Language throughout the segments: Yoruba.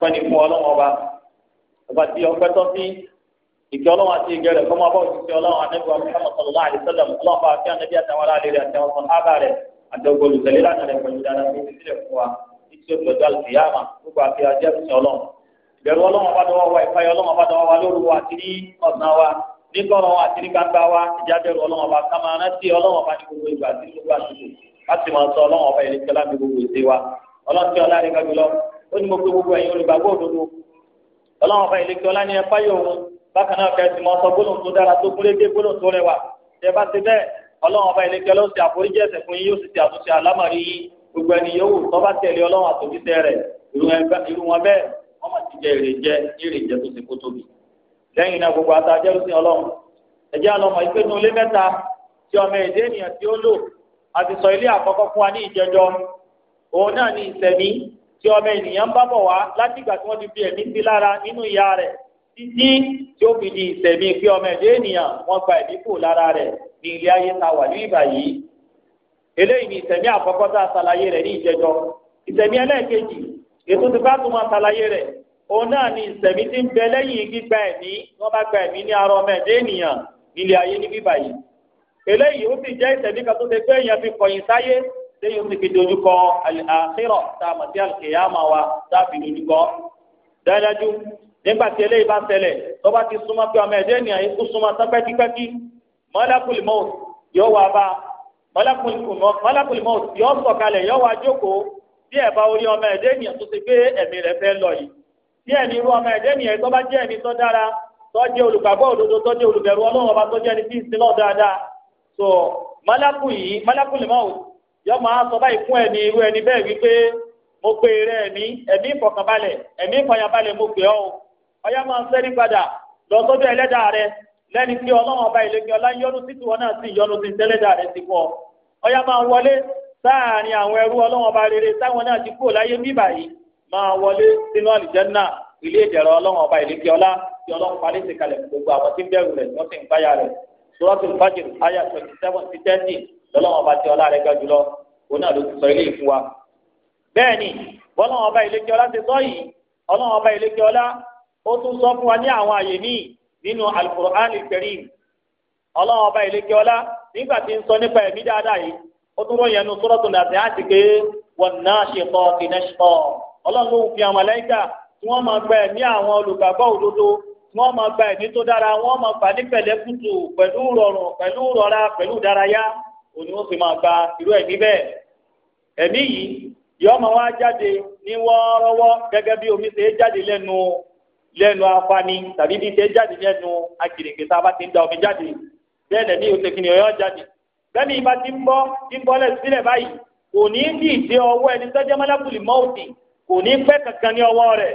pẹ́ni fún ọlọ́wọ́n ọba ọba tí ọpẹ́ tọ́ sí ìkẹ́ ọlọ́wọ́n àti ìgẹ̀ rẹ̀ kọ́mọ bá òṣìṣẹ́ ọlọ́wọ́n anẹ́gbẹ́ Muhammad sallallahu alaihi wasallam ọlọ́wọ́n bá fi ànẹ́bí àtàwọn aráàlú rẹ̀ àtàwọn sọ̀hábà rẹ̀ àti ògbólùtẹ̀lé lánàá rẹ̀ pẹ̀lú dáadáa fún ìdílé fún wa títí òpèjọ àlùkìyàmà gbogbo àti ajẹ́ òṣìṣẹ́ ọlọ́wọ́n ìbẹ̀rù ọlọ́wọ́n bá dọwọ́ wa ìfayọ̀ ọlọ́wọ́n bá dọwọ́ wa lóru wa àti ní ọ̀sán wa ní kọ́rọ̀ wa àti ní gbangba wa ìjábẹ̀rù ọlọ́wọ́n bá rántí ọlọ́wọ́n bá ní gbogbo ìgbà àti gbogbo àsìkò láti máa sọ ọlọ́wọ́n bá ìrìnkẹ́lá mi gbogbo ìṣe wa ọlọ́tí ọlá rẹ̀ gbàgbé lọ ó ní mo pe gbogbo ẹ̀yin olùgbàgbọ́ òdodo ọlọ́run ọba ìlẹkẹ ọlá ni ẹ fáyọ òun bákan náà kẹsì mọ sọ gbólóhùn tó dára tó gúnrégé gbólóhùn tó rẹwà tẹ bá ti bẹ́ẹ̀ ọlọ́run ọba ìlẹkẹ ọlọ́run ti àforíjì ẹ̀ṣẹ̀ fún yín yóò sì ti àtúnṣe àlámọ̀rí yín gbogbo ẹni yòówù tó bá tẹ̀lé ọlọ́run àtòjíṣẹ́ rẹ̀ irú wọn bẹ́ẹ̀ wọ́n mọ̀ ti jẹ ìrèjẹ ìrèjẹ tó ti kó tóbi lẹ́yìn náà gbogbo àtàjẹ́rú sí ọlọ́run ẹ̀jẹ̀ àlọ́mọ ìpinnu ilé mẹ́ta tí ọmọ èdè ènìyàn tí ó lò àti sọ ilé àkọ́kọ́ fún wa ní ìjẹjọ òun náà ní ìsẹ̀mí tí ọmọ ènìyàn ń bá bọ̀ wá láti ìgbà tí wọ́n ti fi ẹ̀mí sí lára nínú ìyá rẹ̀ títí tí ó fi di ìsẹ̀mí pé ọmọ ẹ̀dẹ́ ènìyàn wọ́n gba ẹ̀mí kù lára rẹ̀ ní ilé ayé ta wà ní ìgbà yìí. eléyìí ni ìsẹ̀mí àkọ́kọ́ tá a ṣàlàyé rẹ̀ ní ìjẹjọ́ ìsẹ̀mí ẹlẹ́ẹ̀kejì ètò tí bá tún máa ṣàlàyé rẹ̀ òun náà ni ìsẹ̀mí ti ń bẹ lẹ́yìn gbígba ẹ̀mí wọ́n bá gba ẹ̀mí ní ara ọmọ ẹ̀dẹ́ ènìyàn ní ilé ayé ní bíbà yìí. eléyìí ó sì jẹ́ ìsẹ̀mí kan tó ṣe pé èèyàn fi kọ̀yìn sáyé lẹ́yìn tí fi dojúkọ àkírọ̀ tá a mọ̀ sí àlùkìyàmà wa tá a fi dojúkọ. dáadájú nígbà tí eléyìí bá ṣẹlẹ̀ tó bá ti súnmọ́ pé ọmọ ẹ̀dẹ́ ènìyàn ikú súnmọ́ tán pẹ́kípẹ́kí mọ́lákùlì mọ́ọ̀t yóò wá bá mọ́lákùlì mọ́ọ̀t yóò sọ̀kalẹ̀ yóò wá jókòó bí ẹ̀ bá orí ọmọ ẹ̀dẹ́ ènìyàn tó ti gbé ẹ̀mí rẹ̀ fẹ́ lọ yìí bí ẹ̀mí irú ọmọ ẹ̀dẹ́ ènìyàn tó bá jẹ́ ẹ̀mí tó dára tó jẹ́ olùgbàgbọ́ òdodo tó jẹ́ olùbẹ̀rù ọlọ́run ọba tó jẹ́ ẹni tí ń sin náà dáadáa so mọ́lákùlì mọ́ọ̀t yọ máa báyìí fún ẹni irú ẹni bẹ́ẹ̀ wípé mo pe eré ẹmí ẹmí ìfọ̀kànbalẹ̀ ẹ̀mí ìfọ̀yàbalẹ̀ mo pè ọ́ o ọyá máa ń padà lọ sọ́dọ̀ ẹlẹ́dàá rẹ tí ọba ìlẹ́gbẹ́ ọlá yọnu títí wọn náà sì yọnu sí rẹ ti fọ́ ọyá máa wọlé sáàárín àwọn ẹrú ọba rere táwọn náà ti láyé mí báyìí máa wọlé sínú ilé tí lọ́lọ́wọ́n bá ti ọlá rẹ̀ ga jùlọ òun náà ló ti sọ ilé ìfún wa. bẹ́ẹ̀ ni bọ́lọ́wọ́n bá ilé kí ti sọ yìí ọlọ́wọ́n bá ilé kí ó tún sọ fún wa ní àwọn àyè míì nínú Al-Qur'an al bá ilé nígbà tí ń sọ nípa ẹ̀mí dáadáa yìí ó tún ròyìn ẹnu òní ó sì máa gba irú ẹ̀mí bẹ́ẹ̀ ẹ̀mí yìí yọ ọmọ wa jáde ní wọ́ọ́rọ́wọ́ gẹ́gẹ́ bí omi ṣe é jáde lẹ́nu lẹ́nu afani tàbí bí ṣe é jáde lẹ́nu agbèrègbè tá a bá ti ń da omi jáde bẹ́ẹ̀ lẹ́mí òṣèkìnnì ọ̀yọ́ jáde bẹ́ẹ̀ni ìbá ti ń bọ́ ti ń bọ́lẹ̀ sílẹ̀ báyìí kò ní dì dé ọwọ́ ẹni tó jẹ́ kankan ní ọwọ́ rẹ̀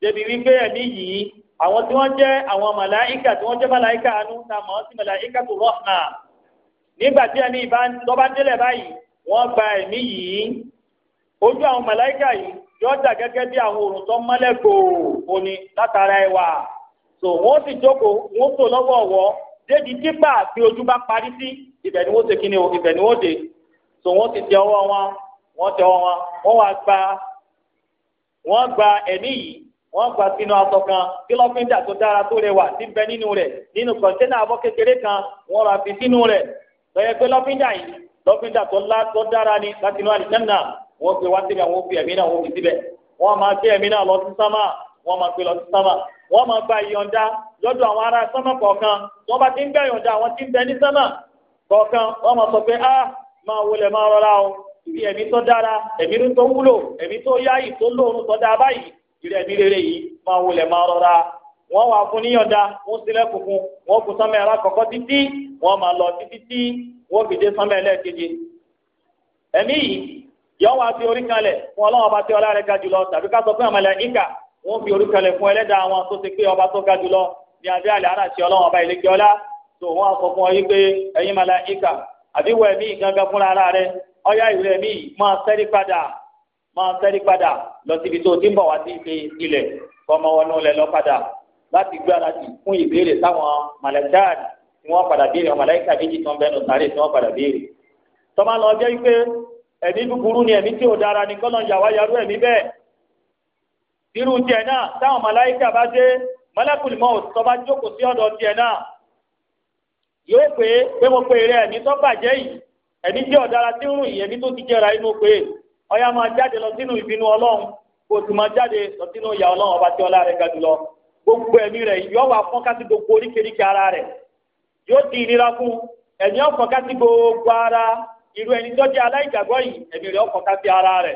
débi wípé ẹ̀mí yìí àwọn tí wọ́n jẹ́ àwọn màláìkà tí nígbà tí ẹni tó bá délẹ̀ báyìí wọ́n gba ẹ̀mí yìí ojú àwọn màláíkà yìí yóò dà gẹ́gẹ́ bí àwọn òrùn tó mọ́lẹ̀ gbòò òní látara ẹwà tó wọ́n sì jókòó wọ́n tò lọ́wọ́ ọ̀wọ́ débi dípà bí ojú bá parí sí ibẹ̀ ni wọ́n ṣe kí ni o ibẹ̀ ni wọ́n dé tó wọ́n ti tẹ ọwọ́ wọn wọ́n tẹ ọwọ́ wọn wọ́n wá gba wọ́n gba ẹ̀mí yìí wọ́n gba sínú aṣọ kan kílọ́fíńdà tó dára tó rẹwà tí ń bẹ nínú rẹ̀ nínú kọ̀ńténà abọ́ kékeré kan wọ́n ra fi sínú rẹ̀ tọ́yẹ pé lọ́fíńdà yìí lọ́fíńdà tó ńlá tó dára ni láti inú àlìjẹ́nà wọ́n fi wá síbẹ̀ wọ́n fi ẹ̀mí náà wọ́n fi síbẹ̀ wọ́n máa gbé ẹ̀mí náà lọ sí sámà wọ́n máa gbé lọ sí sámà wọ́n máa gba ìyọ̀ǹda lọ́dọ̀ àwọn ará sámà kọ̀ọ̀kan wọ́n bá ti ń gbà ìyọ̀ǹda àwọn tí ń bẹ ní sámà kọ̀ọ̀kan wọ́n máa sọ pé a ah, máa wọlé máa rọra o ibi ẹ̀mí tó dára ẹ̀mí tó wúlò ẹ̀mí tó yáyì tó lóorun tó dáa báyìí ìrẹ̀mí rere yìí máa wọlé máa rọra wọn wà fún níyọ̀dá wọ́n sílẹ̀ kùkùn wọ́n kù ara kọkọ títí wọ́n máa lọ títí tí wọ́n fi dé sánmẹ́ ẹlẹ́ẹ̀keje. ẹ̀mí yìí yọ̀ọ́ wá sí orí kalẹ̀ fún ọlọ́run ọba tí ọlá rẹ̀ ga jùlọ tàbí ká sọ fún fi orí kalẹ̀ fún ẹlẹ́dàá wọn tó ti pé ọba tó ga jùlọ ní ọba ìlẹ́kẹ́ ọlá tó wọ́n sọ fún ọ yí pé ẹ̀yin màlẹ́ àbí ara rẹ ọyá ìrẹ́ mi máa sẹ́rí padà máa sẹ́rí padà lọ síbi tó láti gbáradì fún ìbéèrè táwọn màlẹ́káàdì tí wọ́n padà béèrè àwọn màlẹ́kà méjì tó ń bẹnu sáré tí wọ́n padà béèrè. tọ́mọ lọ jẹ́ pé ẹ̀mí búburú ni ẹ̀mí tí ò dára ni kọ́lọ́n yàwá yarú ẹ̀mí bẹ́ẹ̀. irú tiẹ̀ náà táwọn màlẹ́kà bá dé mọ́lẹ́kùn mọ́ òsì tọ́ba jókòó sí ọ̀dọ̀ tiẹ̀ náà yóò pé pé mo pe eré ẹ̀mí tó bàjẹ́ yìí ẹ̀mí tí ò dára tí ń rùn yìí ẹ̀mí tó ti jẹ́ra inú pé ọ̀yà máa jáde lọ sínú ìbínú ọlọ́run kò sì máa jáde lọ sínú ìyà ọlọ́run ọba tí ọlá gbogbo ẹ̀mí rẹ yọ wà fọ́n ká sí gbogbo oríkèéríkèé ara rẹ yóò di ìnira fún ẹ̀mí ọ̀fọ́n ká sí gbogbo ara irú ẹni tó jẹ́ aláìgbàgbọ́ yìí ẹ̀mí rẹ̀ ọ̀fọ́n ara rẹ.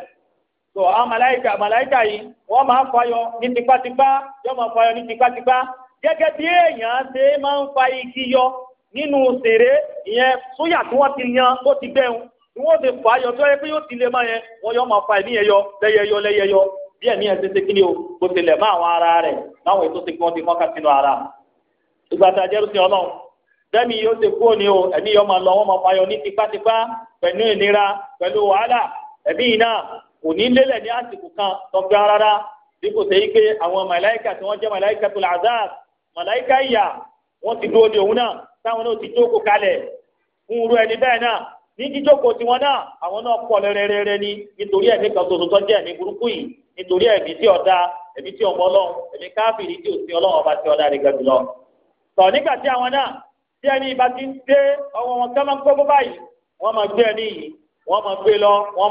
tó a màláìkà màláìkà yìí wọ́n máa fayọ ní tipátipá yọ máa fayọ ní tipátipá gẹ́gẹ́ bí èèyàn ṣe fa igi yọ nínú sèré ìyẹn tí ti yan tó ti tó yẹ pé yóò ti lè máa yọ máa fa yọ bí ẹ̀mí ẹ̀ ṣe ṣe kíni o bó ṣe lẹ̀ mọ́ àwọn ara rẹ̀ láwọn ètò ṣe kí wọ́n ti mọ́ ká sínú ara. ìgbà tá a jẹ́rú sí ọlọ́run bẹ́ẹ̀ni yóò ṣe kúrò ní o ẹ̀mí yóò máa lọ wọ́n máa fayọ ní tipátipá pẹ̀lú ìnira pẹ̀lú wàhálà ẹ̀mí iná kò ní lélẹ̀ ní àsìkò kan tọ́gbà rárá bí kò ṣe yí pé àwọn màláìkà tí wọ́n jẹ́ màláìkà tó làzáàb màláìkà ìyà wọ́n ti dúró de òun náà táwọn náà ti jókòó kalẹ̀ fún irú ẹni bẹ́ẹ̀ náà ní jíjókòó wọn náà àwọn náà pọ̀ lẹ́rẹ́rẹ́rẹ́ ní nítorí ẹ̀mí kan tuntun tó jẹ́ ẹ̀mí burúkú yìí nítorí ẹ̀mí tí ọ̀dà ẹ̀mí tí ọmọ ọlọ́run ẹ̀mí káfíìrì tí òsín ọlọ́run ọba tí ọ̀dà rẹ̀ gẹ̀ jùlọ. nígbà tí àwọn náà tí ẹni ìbá ti ń dé ọwọ́ lọ wọ́n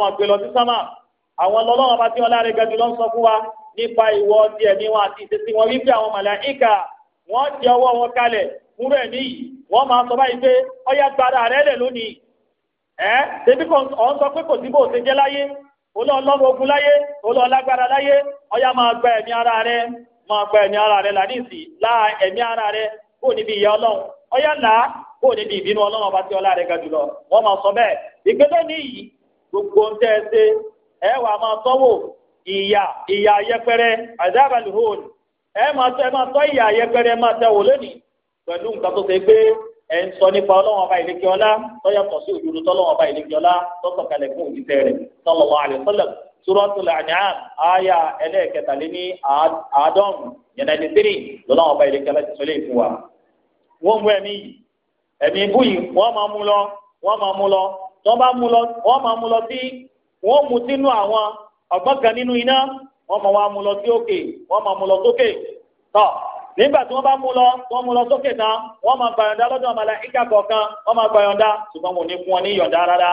máa lọ sí sámà àwọn ọba tí ti ẹ débi kan ọ sọ pé kò sí bó ṣe jẹ láyé olóòlọ́mọ ogun láyé olóòlágbára láyé ọyá máa gba ẹ̀mí ara rẹ máa gba ẹ̀mí ara rẹ ma lá ẹ̀mí ara rẹ kó níbi ìyá ọlọ́run ọyá là á kó níbi ìbínú ọlọ́run ọba tí ọlá rẹ ga jùlọ wọ́n máa sọ bẹ́ẹ̀ níyì gbogbo ń tẹ́ ẹ ṣe ẹ wà máa ẹ̀ ń sọ nípa ọlọ́wọ́n ọba ìlẹ́kẹ́ ọlá tọ́yàtọ̀ sí òdodo tọ́lọ́wọ́n ọba ìlẹ́kẹ́ ọlá tọ́sọ̀ kalẹ̀ fún òjíṣẹ́ rẹ̀ sallallahu alaihi wasallam suratul an'am aya ẹlẹ́ẹ̀kẹtàléní àádọ́rùn-ún yẹn náà ní tírì lọ́lọ́wọ́n ọba ìlẹ́kẹ́ ọlá ti sọ léè fún wa. wọ́n mú ẹ̀mí yìí ẹ̀mí ibú yìí wọ́n máa mú lọ wọ́n máa mú lọ tọ́ nígbà tí wọ́n bá mú lọ wọ́n mú lọ sókè tán wọ́n máa gbàyọ̀ǹda lọ́dọ̀ màláíkà kọ̀ọ̀kan wọ́n máa gbàyọ̀ǹda ṣùgbọ́n wọn ò ní fún wọn ní yọ̀ǹda rárá.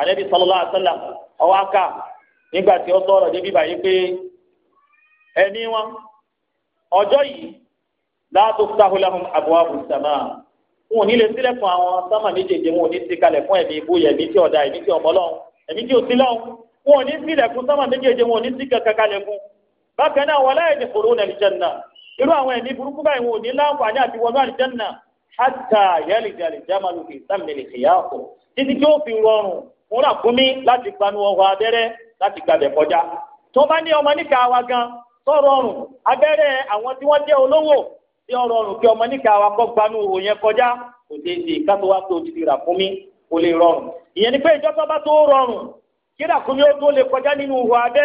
ànábì sallallahu alaihi wasallam ọwọ́ aka nígbà tí ó sọ̀rọ̀ débi báyìí pé ẹni wọn ọjọ́ yìí la tuftahu lahum abwabu samaa wọn ò ní lè sílẹ̀kùn àwọn sámà méjèèjì wọn ò ní ti kalẹ̀ fún ẹ̀mí ibú ẹ̀mí tí ọ̀dà ẹ̀mí tí ọmọ lọ́hùn ẹ̀mí tí ò bákan náà wọlé ẹni kòrò náà àlìjánná irú àwọn ẹni burúkú báyìí wọn ò ní láǹfààní àti wọnú àlìjánná hàtà yálìjà àlìjámalu fi sàmìlì kìyàkó títí tí ó fi rọrùn fún ràkúnmí láti gbanu ọwọ́ abẹ́rẹ́ láti gbàbẹ̀ kọjá tó bá ní ọmọ níka wa gan tó rọrùn abẹ́rẹ́ àwọn tí wọ́n jẹ́ olówó tí ó rọrùn kí ọmọ níka wa kọ́ gbanu òyìn kọjá kò dé sí kátó wá tó ti kò lè rọrùn ni pé tó rọrùn kí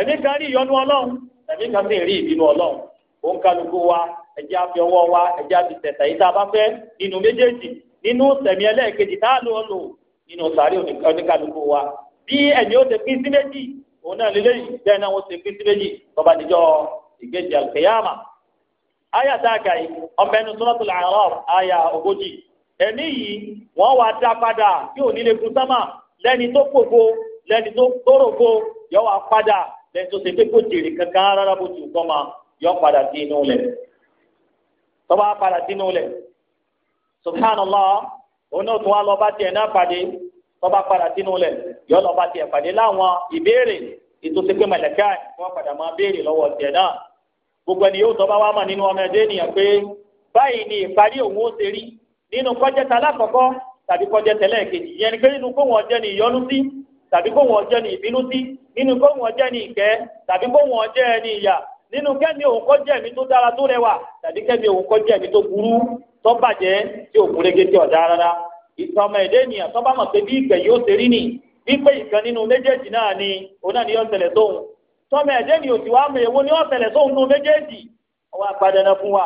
ẹ̀mí kan rí ìyọnu ọlọ́run ẹ̀mí kan sì rí ìbínú ọlọ́run òun kálukú wa ẹ̀jẹ̀ àfi ọwọ́ wa ẹ̀jẹ̀ àfi tẹ̀sẹ̀ yìí tá a bá fẹ́ nínú méjèèjì nínú sẹ̀mí ẹlẹ́ẹ̀kejì tá a lò lò nínú sàárè oníkálukú wa bí ẹ̀mí ó ṣe pín sí méjì òun náà lélẹ́yìí bẹ́ẹ̀ náà wọ́n ṣe pín sí méjì tọ́ba níjọ́ ìgbéjì àlùkẹ́yàmà aya tá a kà yìí ọmọ ẹnu suratul A'raf lẹ́ni tó kòkó lẹ́ni tó rògbò yọ wá padà lẹ́yìn tó ṣe pé kò jèrè kankan rárá bó ti kọ́ ma yọ padà sí inú lẹ̀ tọ́ba padà sínú lẹ̀ subhanallah òun náà tún wá lọ́ọ́ bá tiẹ̀ náà pàdé tọ́ba padà sínú lẹ̀ yọ lọ́ọ́ bá tiẹ̀ pàdé láwọn ìbéèrè ètò sẹ́kẹ́ mẹ̀lẹ́kà wọn padà máa béèrè lọ́wọ́ tiẹ̀ náà gbogbo ẹni yóò tọ́ba wá mà nínú ọmọ ẹ̀dẹ́ ènìyàn pé báyìí ni ìparí òun ó ṣe rí nínú kọjẹ́ta alákọ̀ọ́kọ́ tàbí kọjẹ́tẹ̀lẹ́ẹ̀kejì yẹn ni pé nínú kóhùn ọjẹ́ ni ìyọnu sí tàbí kó wọn jẹ́ ní ìbínú sí nínú kó wọn jẹ́ ní ìkẹ́ tàbí kó wọn jẹ́ ní ìyà nínú kẹ́mi òun kọ́ jẹ́ mi tó dára tó rẹwà tàbí kẹ́mi òun kọ́ jẹ́ mi tó burú tó bàjẹ́ tí òkú rege tí rárá ìtàn èdè ènìyàn tó bá mọ̀ pé bí ìgbẹ̀ yóò ṣe rí nì wípé ìkan nínú méjèèjì náà ni òun náà ni yóò ṣẹlẹ̀ tóun tọ́mọ ẹ̀dẹ́ ni òsì wàá mọ èwo ni yóò ṣẹlẹ̀ tóun nínú méjèèjì ọwọ́ agbádẹ́nà fún wa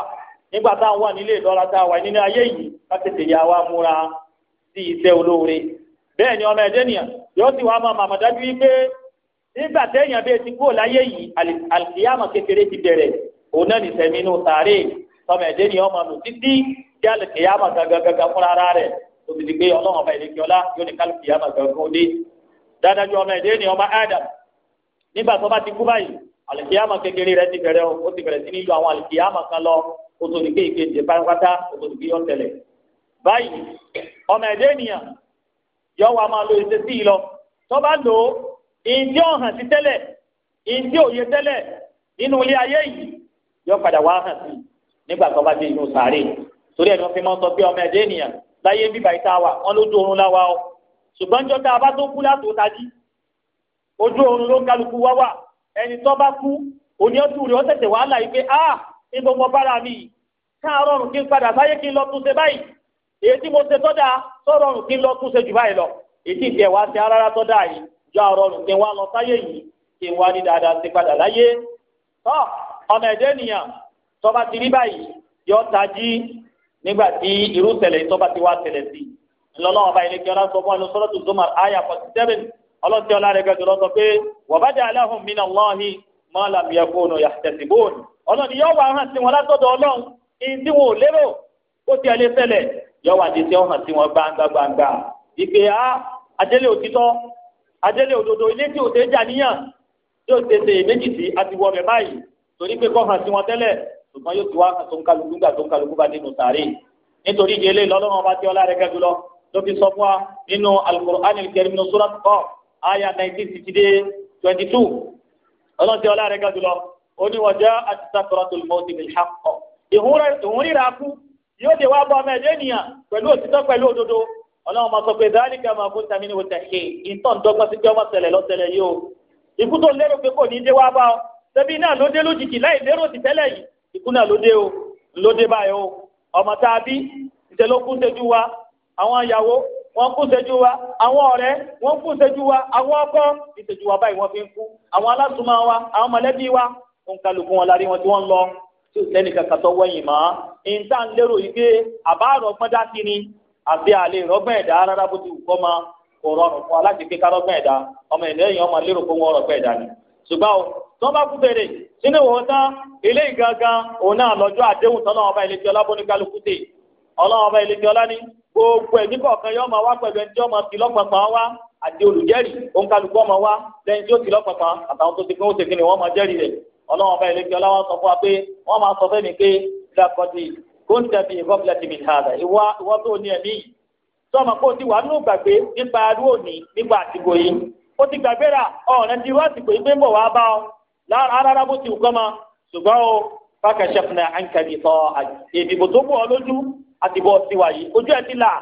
nígbà táwọn wà nílé ìlọ́ra tá a nínú ayé yìí ká tètè yà wá múra sí iṣẹ́ olóore bẹ́ẹ̀ ni ọmọ ẹ̀dẹ́ nìyàn yóò sì wá máa màmọ́ dájú wípé nígbà téèyàn bẹ́ẹ̀ ti kúrò láyé yìí àlùkìyàmọ̀ kékeré ti bẹ̀rẹ̀ òun náà ní sẹ̀mí inú sàárè ọmọ ẹ̀dẹ́ ọmọ títí kí àlùkìyàmọ̀ rẹ̀ ọlọ́run ọba ìlẹ́kẹ́ ọlá yóò ní kálùkìyàmọ̀ gangan yọ wà máa lo ìṣesí yìí lọ tó bá lò ó ìdí ọ̀hàn sí tẹ́lẹ̀ ìdí òye tẹ́lẹ̀ nínú ilé ayé yìí yọ padà wá hàn sí nígbà tó bá dé inú sàárè torí ẹni wọn fi máa ń sọ pé ọmọ ẹdẹ ènìyàn láyé bíbá ìta wà wọn lójú oorun láwa o ṣùgbọ́n jọ tá a bá tó kú látò tají ojú oorun ló ń kálukú wá wà ẹni tó bá kú òní ọtún rẹ ó wàhálà yìí pé a ah, ní gbogbo bára mi káàárọ̀ ọ̀run kí n padà sáyé kí n lọ tún báyìí èyí tí mo ṣe tọ́jà sọ̀rọ̀ ọ̀rùn lọ tún ṣe jù báyìí lọ èyí tí ìṣẹ̀ ṣe arára tọ́jà yìí jọ àrọ̀ ọ̀rùn wa lọ sáyé yìí kí n wá ní dáadáa ṣe padà láyé. tọ́ ọ̀nà ẹ̀dẹ́ ènìyàn tọ́ba ti rí báyìí yọ tají nígbà tí irú tẹ̀lẹ̀ tọ́ba ti wá aya forty seven ọlá lọ́sọ pé aláhùn mí náà fóònù yàtẹ̀sí bóònù ọlọ́ni yọ wà hàn sí wọn látọ̀dọ̀ ọlọ́run yọwọ àdìsí ọhàn tí wọn gbangba gbangba ìpè á adélé òtítọ́ adélé òdodo ilé tí òtẹ jà níyàn tí òtẹ ṣe méjì sí àti wọ bẹ báyìí torí pé kọ́ hàn sí wọn tẹ́lẹ̀ ṣùgbọ́n yóò ti wá hàn tó ń kálukú gbà tó ń kálukú bá nínú sàárè nítorí ìdí eléyìí lọ́lọ́run ọba ọlá rẹ̀ kẹ́jú lọ ló fi sọ fún wa nínú al-Qur'an al-Karim nínú surat Qaf aya nineteen sixty dé twenty two ọlọ́run tí ọlá rẹ̀ kẹ́jú lọ ó ní wa ja'at sakratul mawti bil haqq ìhúnrírà kú yóò dé wá bọ ọmọ ẹ̀dẹ́ ènìyàn pẹ̀lú òtítọ́ pẹ̀lú òdodo ọlọ́run máa sọ pé dáríkà máa kó tàmí ní wò tẹ̀sí ìtọ́ ǹdọ́gbọ́n sí pé ọmọ ṣẹlẹ̀ lọ́sẹ̀lẹ̀ yìí o ikú tó lérò pé kò ní dé wá bá ọ ṣebí náà ló dé lójijì láì lérò ti tẹ́lẹ̀ yìí ikú náà ló dé o ló dé báyìí o ọmọ tá a bí ìṣe ló kú ṣẹ́jú wa àwọn ìyàwó wọn kú ṣẹ́jú wa àwọn ọ̀rẹ́ wọn kú ṣẹ́jú wa àwọn ọkọ ìṣẹ́jú wa báyìí wọn fi ń kú àwọn alásùnmọ́ wa àwọn mọ̀lẹ́bí wa òǹkàlùkù wọn lárí wọn tí wọ́n lọ tí ò sẹ́ni kankan tó wẹ̀yìn mọ́ ìta ń lérò yìí pé àbá àrọ̀gbọ́n dá sí ni àbí àlè rọ́gbọ́n ẹ̀dá rárá bó ti wù kọ́ ma kò rọrùn fún aláṣẹ pé ká rọ́gbọ́n ẹ̀dá ọmọ ẹ̀dá ọmọ lérò pé wọ́n rọ̀gbọ́n ẹ̀dá ni. ṣùgbọ́n o tí wọ́n bá kú sínú ìwọ̀n tán ilé ìgangan òun náà lọ́jọ́ àdéhùn tán náà ọba ti àti olùjẹ́rìí ọmọ wa lẹ́yìn tí ó ọlọ́wọ́n bá ilé kí ọlọ́wọ́n sọ fún wa pé wọ́n máa sọ fẹ́ mi pé lakọ́dì kóńtàbí ìfọ́fìlẹ́tì mi hàdà ìwọ tó ní ẹ̀mí yìí sọmọ kó o ti wà nínú gbàgbé nípa arúgbó ní nígbà àtìgbò yìí ó ti gbàgbé rà ọ̀rẹ́ ti wá àtìgbò yìí pé ń bọ̀ wá bá ọ rárá bó ti kọ́ ma ṣùgbọ́n o fákàṣẹ́fúnà ànkàdì sọ èdìbò tó bù ọ lójú àtìbọ̀ ti wà yìí ojú ẹ ti là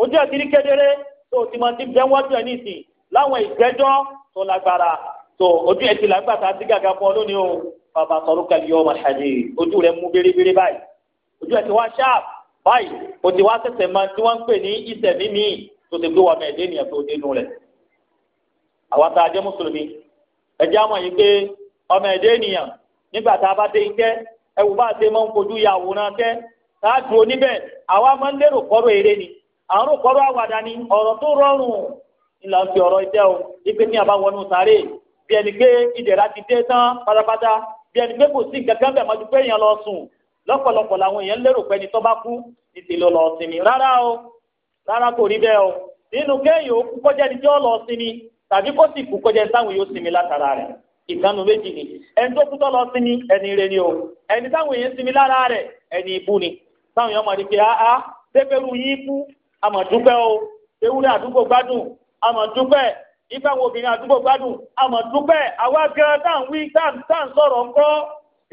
ojú ẹ ti rí kedere tó o ti mọ ti bẹ́ ẹ nísìn láwọn ìgbẹ́jọ́ tó lágbára so ojú ẹ ti làgbà tá a ti gàgà fún ọ lónìí o bàbá sọ̀rọ̀ kàlí ọmọ ṣàdé ojú rẹ mú bérebére báyìí ojú ẹ ti wá ṣáàp báyìí o ti wá sẹsẹ ma tí wọn ń pè ní ìsẹmí mi tó ti gbé wa mẹẹdé nìyẹn tó dénú rẹ àwa tá a jẹ mùsùlùmí ẹjẹ àwọn yìí pé ọmọ ẹdẹ ènìyàn nígbà tá a bá dé iṣẹ́ ẹwù bá a ṣe máa ń fojú ya àwòrán tẹ tá a dúró níbẹ̀ àwa máa ń lérò kọrọ eré ni àrùn kọrọ àwàdà ni ọ̀rọ̀ tó rọrùn ńlá ń fi ọ̀rọ̀ iṣẹ́ o ipe ní àbáwọnú sáré bí ẹni pé ìdẹ̀ra ti dé tán pátápátá bí ẹni pé kò sí gẹ́gẹ́ bẹ̀ mọ́jú pé èèyàn lọ sùn lọ́pọ̀lọpọ̀ làwọn èèyàn lérò pé ẹni tó bá kú ìtìlọ lọ sinmi rárá o rárá kò rí bẹ́ẹ̀ o nínú kéèyàn ó kú kọjá ẹni tí ó lọ sinmi tàbí kó sì kú kọjá ẹni táwọn yóò sinmi ni o ẹni táwọn èèyàn sinmi lára rẹ̀ ẹni nígbà wo obìnrin àdúgbò gbádùn àmọ̀ dúpẹ́ àwa gan tá à ń wí tá à ń sọ̀rọ̀ ńkọ́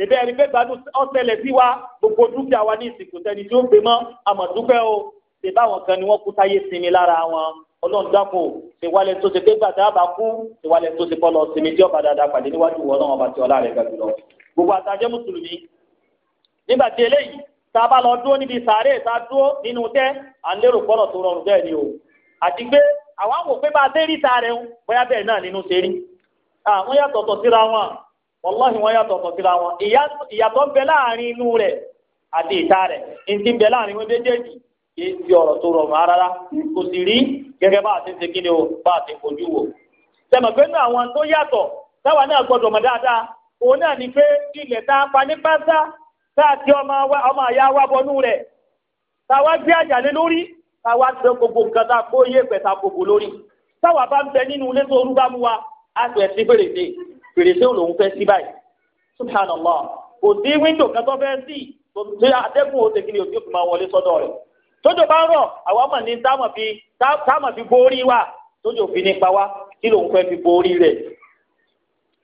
èdè ẹni pé gbádùn ọ̀tẹlẹ̀ sí wa gbogbo dúkìá wa ní ìsìnkú sẹ́ni tí ó gbé mọ́ àmọ̀ dúpẹ́ o ṣe báwọn kan ni wọ́n kú táyé sinmi lára wọn ọlọ́run dákun ṣe wálé tó ṣe pé gbàtà bá kú ṣe wálé tó ṣe kọ́lọ́ sinmi tí ọba dáadáa pàdé níwájú wọn náà wọn ti ọlá rẹ̀ gbàgbé ni o àti àwọn àwọn òpin bá a dé ríta rẹ̀ ń bóyá bẹ́ẹ̀ náà nínú ṣe rí àwọn yàtọ̀tọ̀ síra wọn wọlọ́hìn wọ́n yàtọ̀tọ̀ síra wọn ìyàtọ̀ ń bẹ láàrin inú rẹ̀ àti ìta rẹ̀ ní ti bẹ láàrin wọn méjèèjì kì í fi ọ̀rọ̀ tó rọrùn rárá kò sì rí gẹ́gẹ́ bá a ti bá a ti wò. àwọn tó yàtọ̀ táwa náà gbọdọ̀ mọ̀ dáadáa òun táwa tẹ gbogbo nǹkan tá a kó yé pẹ̀ta gbogbo lórí táwa bá ń bẹ nínú ilé tó rúbá mu wa á tẹ̀ sí fèrèsé fèrèsé ò lòun fẹ́ sí báyìí subhanallah kò sí wíńdò kan tó fẹ́ sí tí atẹ́gùn ó tẹ̀kí ni òtí òfin máa wọlé sọ́dọ̀ rẹ̀ tójò bá ń rọ̀ àwọn ọmọ ní táwọn fi táwọn fi borí wa tójò fi nípa wa kí lòun fẹ́ fi borí rẹ̀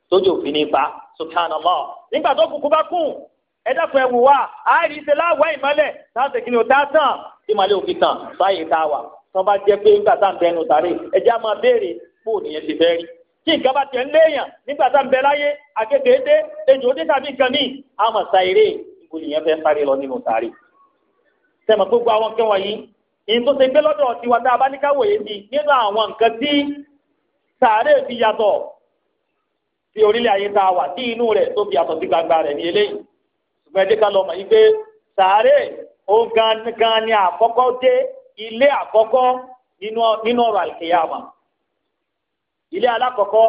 tójò fi nípa subhanallah nígbà tó kúkú bá kún ẹ dákun ẹ wù wá àárí ṣe láwọ tí màálé òfin tàn báyìí tá a wà tó bá jẹ́ pé nígbà tá à ń bẹnu sàré ẹ̀jẹ̀ á máa béèrè bó nìyẹn ti fẹ́ rí tí nǹkan bá tẹ̀ ń léèyàn nígbà tá à ń bẹ láyé àgègè dé ejò dé tàbí nǹkan míì á mọ̀ sa eré ìbò nìyẹn fẹ́ sáré lọ nínú sàré. sẹ́mi gbogbo àwọn nǹkan wọ̀nyí ìyẹn tó ṣe gbé lọ́dọ̀ tiwa tá a bá ní ká wòye sí nínú àwọn nǹkan tí sàré fi yàtọ̀ sí orílẹ̀ ayé tá a wà tí inú rẹ̀ tó fi yàtọ̀ sí gbangba rẹ̀ ní eléyìí ṣùgbọ́n ẹ òun gangan ni àkọ́kọ́ dé ilé àkọ́kọ́ nínú ọ̀rọ̀ àlùkìyàmà ilé alákọ̀ọ́kọ́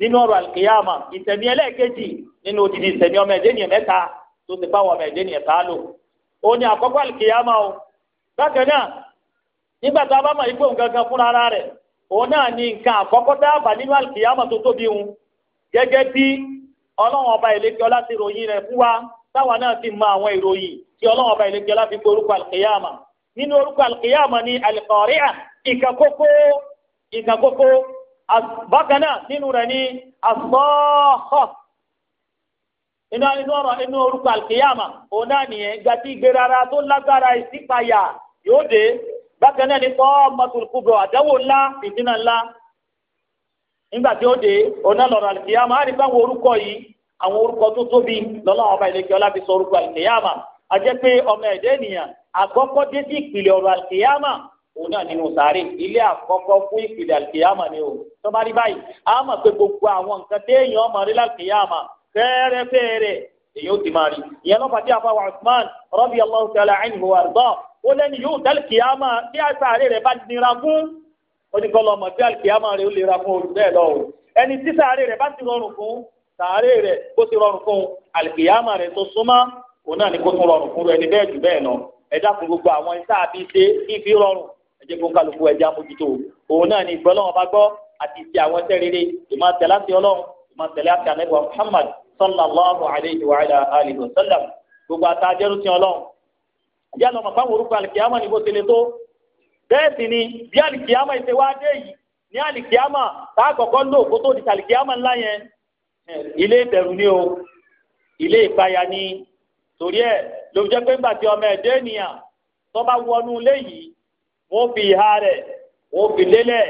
nínú ọ̀rọ̀ àlùkìyàmà ìtẹ̀mí ẹlẹ́ẹ̀kejì nínú odidi ìtẹ̀mí ọmọ ẹ̀dẹ́ nìyẹn mẹ́ta tó ti bá ọmọ ẹ̀dẹ́ nìyẹn tá a lò ó ní àkọ́kọ́ àlùkìyàmà o bákan náà nígbà tá a bá mọ̀ ipò gangan fúnra ara rẹ̀ òun náà ni nǹkan àkọ́kọ́ tá a bà nínú àlùkìyàmà tó tóbi hun gẹ́gẹ́ bí ọlọ́run ọba ìlẹ́kẹ́ ọlá ti ròyìn rẹ̀ fún wa táwa náà ti mọ àwọn ìròyìn tí ọlọ́run ọba ìlẹ́kẹ́ láti fi orúkọ alkiyama nínú orúkọ alkiyama ní alikọ́ríà ìkàkókó ìkàkókó bákan náà nínú rẹ̀ ní asọ́ọ̀họ́ inú inú ọ̀rọ̀ inú orúkọ alkiyama òun náà nìyẹn gàtí ìgbérara tó lágbára ìsípayà yóò dé bákan náà ní sọ́ọ̀mọ́tò kúbọ̀ àdáwò ńlá ìdínà ńlá nígbà tí ó dé òun náà lọ́rọ̀ alkiyama á rí báwọn orúkọ yìí àwọn orúkọ tó tóbi lọ́lọ́run ọba ìlẹ́kẹ́ ọlá fi sọ orúkọ alkiyama ajẹ́ pé ọmọ ẹ̀dẹ́ ènìyàn àkọ́kọ́ dé sí ìpìlẹ̀ ọ̀rọ̀ àlùkìyàmà òun náà nínú sàárè ilé àkọ́kọ́ fún ìpìlẹ̀ àlùkìyàmà ni o tó bá rí báyìí a mọ̀ pé gbogbo àwọn nǹkan téèyàn ọmọ rí lálùkìyàmà fẹ́ẹ́rẹ́fẹ́ẹ́rẹ́ èyí ó ti máa rí ìyẹn lọ́pàá tí a fa Usman radiyallahu ta'ala anhu àrùbá ó lẹ́ni yóò dá àlùkìyàmà bí àsàárè rẹ̀ bá nira fún oníkọlọ ọmọ bí àlùkìyàmà rẹ̀ ó lè ra fún olù bẹ́ẹ̀ lọ ẹni tí sàárè rẹ̀ bá ti rọrùn fún sàárè rẹ̀ bó ti rọrùn fún àlùkìyàmà rẹ̀ tó súnmọ́ òun náà ni kó tún rọrùn fún ẹni bẹ́ẹ̀ jù bẹ́ẹ̀ lọ ẹ dákun gbogbo àwọn iṣẹ́ àbí ṣe fífi rọrùn ẹ jẹ́ kó ń kálukú ẹ jẹ́ àmójútó òun náà ni ìgbọ́ lọ́wọ́ bá gbọ́ àti ti àwọn iṣẹ́ rere ìmọ̀ ọlọ́run ìmọ̀ tẹ̀lé Muhammad sallallahu alayhi wa alihi wa sallam gbogbo àtàjẹ́rù ti ọlọ́run yá lọ́mọ fáwọn ni bó tẹ̀lé tó bẹ́ẹ̀ sì ni bí alìkíyàmà ìṣe wá ni o ilé ni torí ẹ̀ ló jẹ́ pé ńgbà tí ọmọ ẹ̀dẹ́ ènìyàn tó bá wọnú ilé yìí wọ́n fi ìhà rẹ̀ wọ́n fi lélẹ̀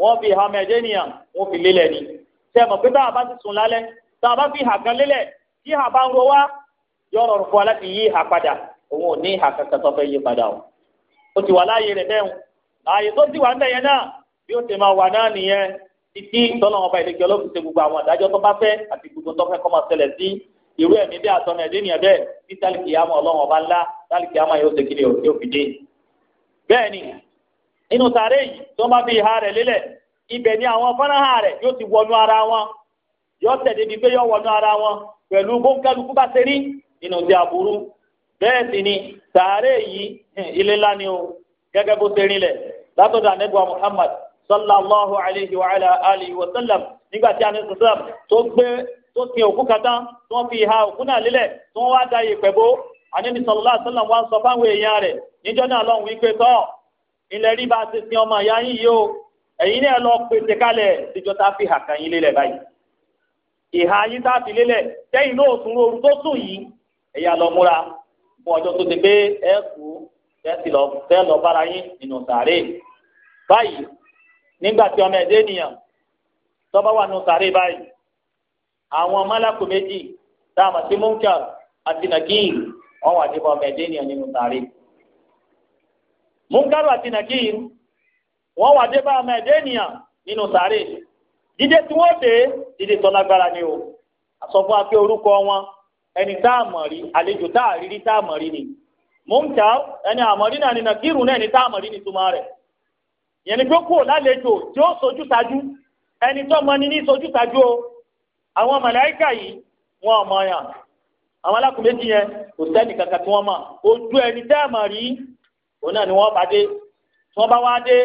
wọ́n fi ìhà ọmọ ẹ̀dẹ́ ènìyàn wọ́n fi lélẹ̀ ni tẹ́ ẹ mọ̀ pé táwa bá ti sùn lálẹ́ táwa bá fi ìhà kan lélẹ̀ tí ìhà bá ń ro wá yọ̀rọ̀ fún wa láti yí ìhà padà òun ò ní ìhà kankan tó fẹ́ yí padà o ó ti wà láàyè rẹ̀ bẹ́ẹ̀ ààyè tó ti wà ń bẹ̀yẹn náà bí ó ti máa wà náà nìyẹn títí tọ́lọ́mọba ìlẹ́jọ́ ló fi gbogbo àwọn àdájọ́ tó bá fẹ́ àti gbogbo tó fẹ́ kọ́ máa ṣẹlẹ̀ sí irú ẹ̀mí bí àtọ́nà ẹ̀dẹ́ nìyẹn bẹ́ẹ̀ ní tálíkì àmọ́ ọlọ́run ọba ńlá tálíkì àmọ́ yóò ṣe kí ni yóò fi dé. bẹ́ẹ̀ ni inú sàárè yìí tó ń bá fi ìhà rẹ̀ lélẹ̀ ibẹ̀ ni àwọn fọ́nrán rẹ̀ yóò ti wọnú ara wọn yóò tẹ̀lé bíi pé yóò wọnú ara wọn pẹ̀lú bóńkálukú bá ṣe rí inú ti àbúrú bẹ́ẹ̀ sì ni sàárè yìí ilé ńlá ni o gẹ́gẹ́ bó ṣe rinlẹ̀ látọ̀dọ̀ tó sin òkú kan tó tí fi ha òkú náà lílẹ̀ tó wá da ìpẹ̀ bó ànábì sallallahu alaihi wasallam ń sọ fáwọn èèyàn rẹ̀ níjọ́ náà lọ́hùn wípé tọ́ ilẹ̀ rí bá ti sin ọmọ ìyá yìí o ẹ̀yin náà lọ tá a hà yín báyìí ìhà yín tá a fi sùn yìí ẹ̀yà lọ múra fún ọjọ́ tó ti gbé lọ lọ bára àwọn Amala méjì tá sí munkar àti nakir wọ́n wà nípa ọmọ nínú sàárè. munkar àti wà nínú tí dé tó lágbára ni o àsọfún orúkọ wọn ẹni rí àlejò ni munkar ẹni àmọ̀rí náà ni nakir náà ẹni tá ni lálejò tí ó sojú ẹni tó mọ ni ní sojú o àwọn màláíkà yìí wọn ò mọ yàn àwọn alákùnméjì yẹn kò sẹ́ni kankan tí wọ́n mọ̀ ojú ẹni tẹ́ ẹ̀ mọ̀ rí òun náà ni wọ́n bá dé tí wọ́n bá wá dé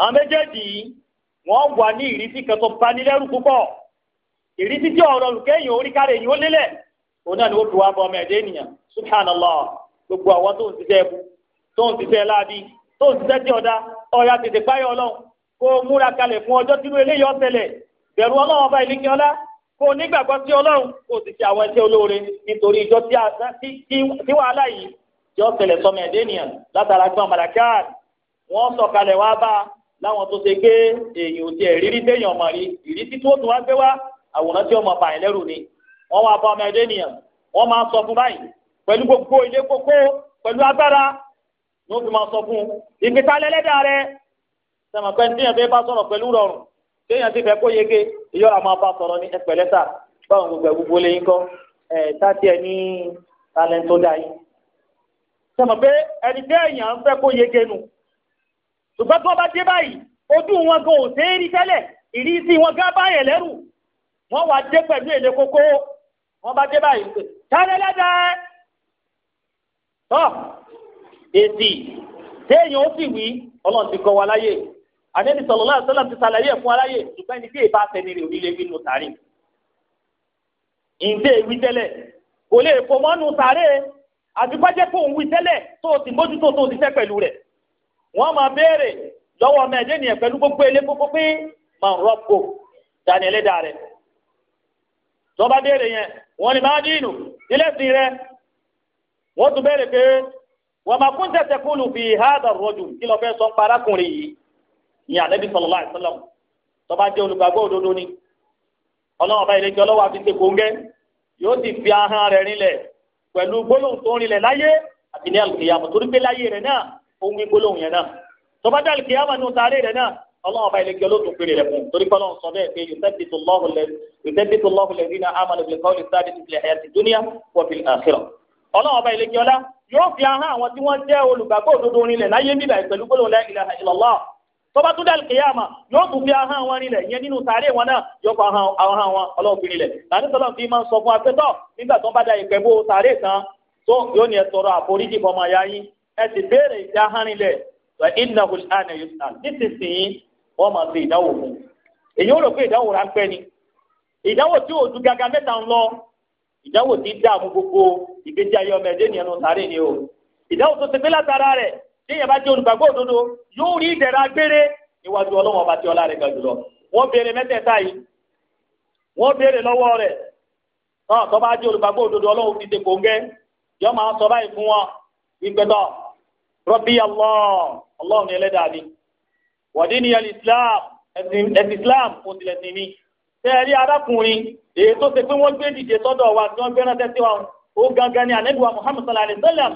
àwọn méjèèjì yìí wọ́n wà ní ìrísí kan tó bá irisi púpọ̀ ìrísí tí ọ̀rọ̀ olùkẹ́yìn orí kárẹ̀ yìí ó lélẹ̀ ọmọ ẹ̀dẹ́ ènìyàn gbogbo àwọn tó ń ṣiṣẹ́ tó ń ṣiṣẹ́ láabi tó ń ṣiṣẹ́ tí ọ̀dà ọ̀yà tètè páyọ̀ ọlọ́run kó múra kalẹ̀ fún ọjọ́ eléyìí bẹ̀rù ọlọ́run ọba ìlíkẹ́ ọlá kó o nígbàgbọ́ sí ọlọ́run kó o sì ṣe àwọn ẹṣẹ́ olóore nítorí ìjọ tí wàhálà yìí tí ó tẹ̀lẹ̀ sọmọ ẹ̀dẹ́ ènìyàn látara gbọ́n malakat wọ́n sọ̀kalẹ̀ wá bá láwọn tó ṣe pé èèyàn ò tiẹ̀ rírí téèyàn mọ̀ rí ìrísí tó tún wá gbé wá àwòrán tí ọmọ bàyìn lẹ́rù ni wọ́n wá bá ọmọ ẹ̀dẹ́ ènìyàn wọ́n máa sọ fún báyìí pẹ̀lú gbogbo ilé kókó pẹ̀lú agbára ni ó fi máa sọ fún ìpìtà lẹ́lẹ́dà rẹ sẹ̀mọ̀pẹ́ ní ẹ̀ bá sọ̀rọ̀ pẹ̀lú téèyàn ti fẹ́ kó yege ìyọ́ àmọ́ bá sọ̀rọ̀ ní ẹ̀pẹ̀ lẹ́tà báwọn gbogbo ẹ̀gbogbo lè ń kọ́ ẹ̀ tàbí ẹ̀ ní talent tó dá yìí. sọ̀mọ̀ pé ẹni téèyàn fẹ́ kó yege nù ṣùgbọ́n tó bá dé báyìí ojú wọn gan ò sé rí tẹ́lẹ̀ ìrísí wọn gá báyẹn lẹ́rù wọ́n wá dé pẹ̀lú èlé kókó wọ́n bá dé báyìí pé tálẹ́ lẹ́dẹ̀ tọ́ èsì téèyàn ó sì wí ọlọ́run ti kọ́ wa láyé ànábì sallallahu alaihi wasallam ti sàlàyé fún aráyè ṣùgbọ́n ẹni tí èèbá tẹni rè onílé wínú sàárè ìǹdé wí tẹ́lẹ̀ kò lè fò mọ́nú sàárè àtìgbọ́jẹ́ pé òun wí tẹ́lẹ̀ tó o ti mójútó tó o ti fẹ́ pẹ̀lú rẹ̀ wọ́n máa béèrè lọ́wọ́ ọmọ ẹ̀dẹ́ nìyẹn pẹ̀lú gbogbo ilé gbogbo pé màá rọ́pò dání ẹlẹ́dà rẹ̀ tọ́ba béèrè yẹn wọ́n ní máa dínú ilé sìn rẹ̀ wọ́n ìyẹn ànábì sallallahu alaihi wasallam tó bá jẹ́ olùgbàgbọ́ òdodo ni ọlọ́run ọba ìrètí ọlọ́wọ́ àti ṣe kóńgẹ́ yóò sì fi ahọ́n rẹ̀ rinlẹ̀ pẹ̀lú gbólóhùn tó rinlẹ̀ láyé àti ní àlùkìyàmọ̀ torí pé láyé rẹ̀ náà ó ń wí gbólóhùn yẹn náà tó bá dé àlùkìyàmọ̀ ní ọ̀tá rẹ̀ náà ọlọ́run ọba ìrètí ọlọ́tún péré rẹ̀ fún torí pé ọlọ́run sọ pé yusabbitu Allahu alladhina amanu bil qawli thabiti fil hayati tọ́ba tún dàlù kìyàmà yóò tún fi ahọ́n wọn rinlẹ̀ yẹn nínú sàárè wọn náà yóò fọ ahọ́n wọn ọlọ́run rinlẹ̀ tàbí sọlọ́n fi máa sọ fún apẹ́tọ́ nígbà tó ń bá da ìpẹ́ bó tó yóò ní ẹ tọrọ àforíjì fọmọ ya yín ẹ béèrè ahọ́n rinlẹ̀ iná máa fi ìdánwò fún èyí tí èèyàn bá jẹ́ olùgbàgbọ́ òdodo yóò rí ìdẹ̀ra gbére níwájú ọlọ́wọ́n ọba tí ọlá rẹ̀ ga jùlọ wọ́n béèrè mẹ́tẹ̀ẹ̀ta yìí wọ́n béèrè lọ́wọ́ rẹ̀ náà tó bá jẹ́ olùgbàgbọ́ òdodo ọlọ́wọ́n fi ṣe kòńgẹ́ yọ máa sọ báyìí fún wọn ìgbẹ́tọ̀ rọ́bì ọlọ́run ni ẹlẹ́dàá mi wọ̀dí ni ẹ̀sìn islam kò tilẹ̀ sí mi tẹ́ẹ̀rí arákùnrin èyí tó ṣe pé wọ́n gbé dìde sọ́dọ̀ wa tí wọ́n gbé ránṣẹ́ sí wa ó gangan ni ànábì wa muhammad sallallahu alayhi wa sallam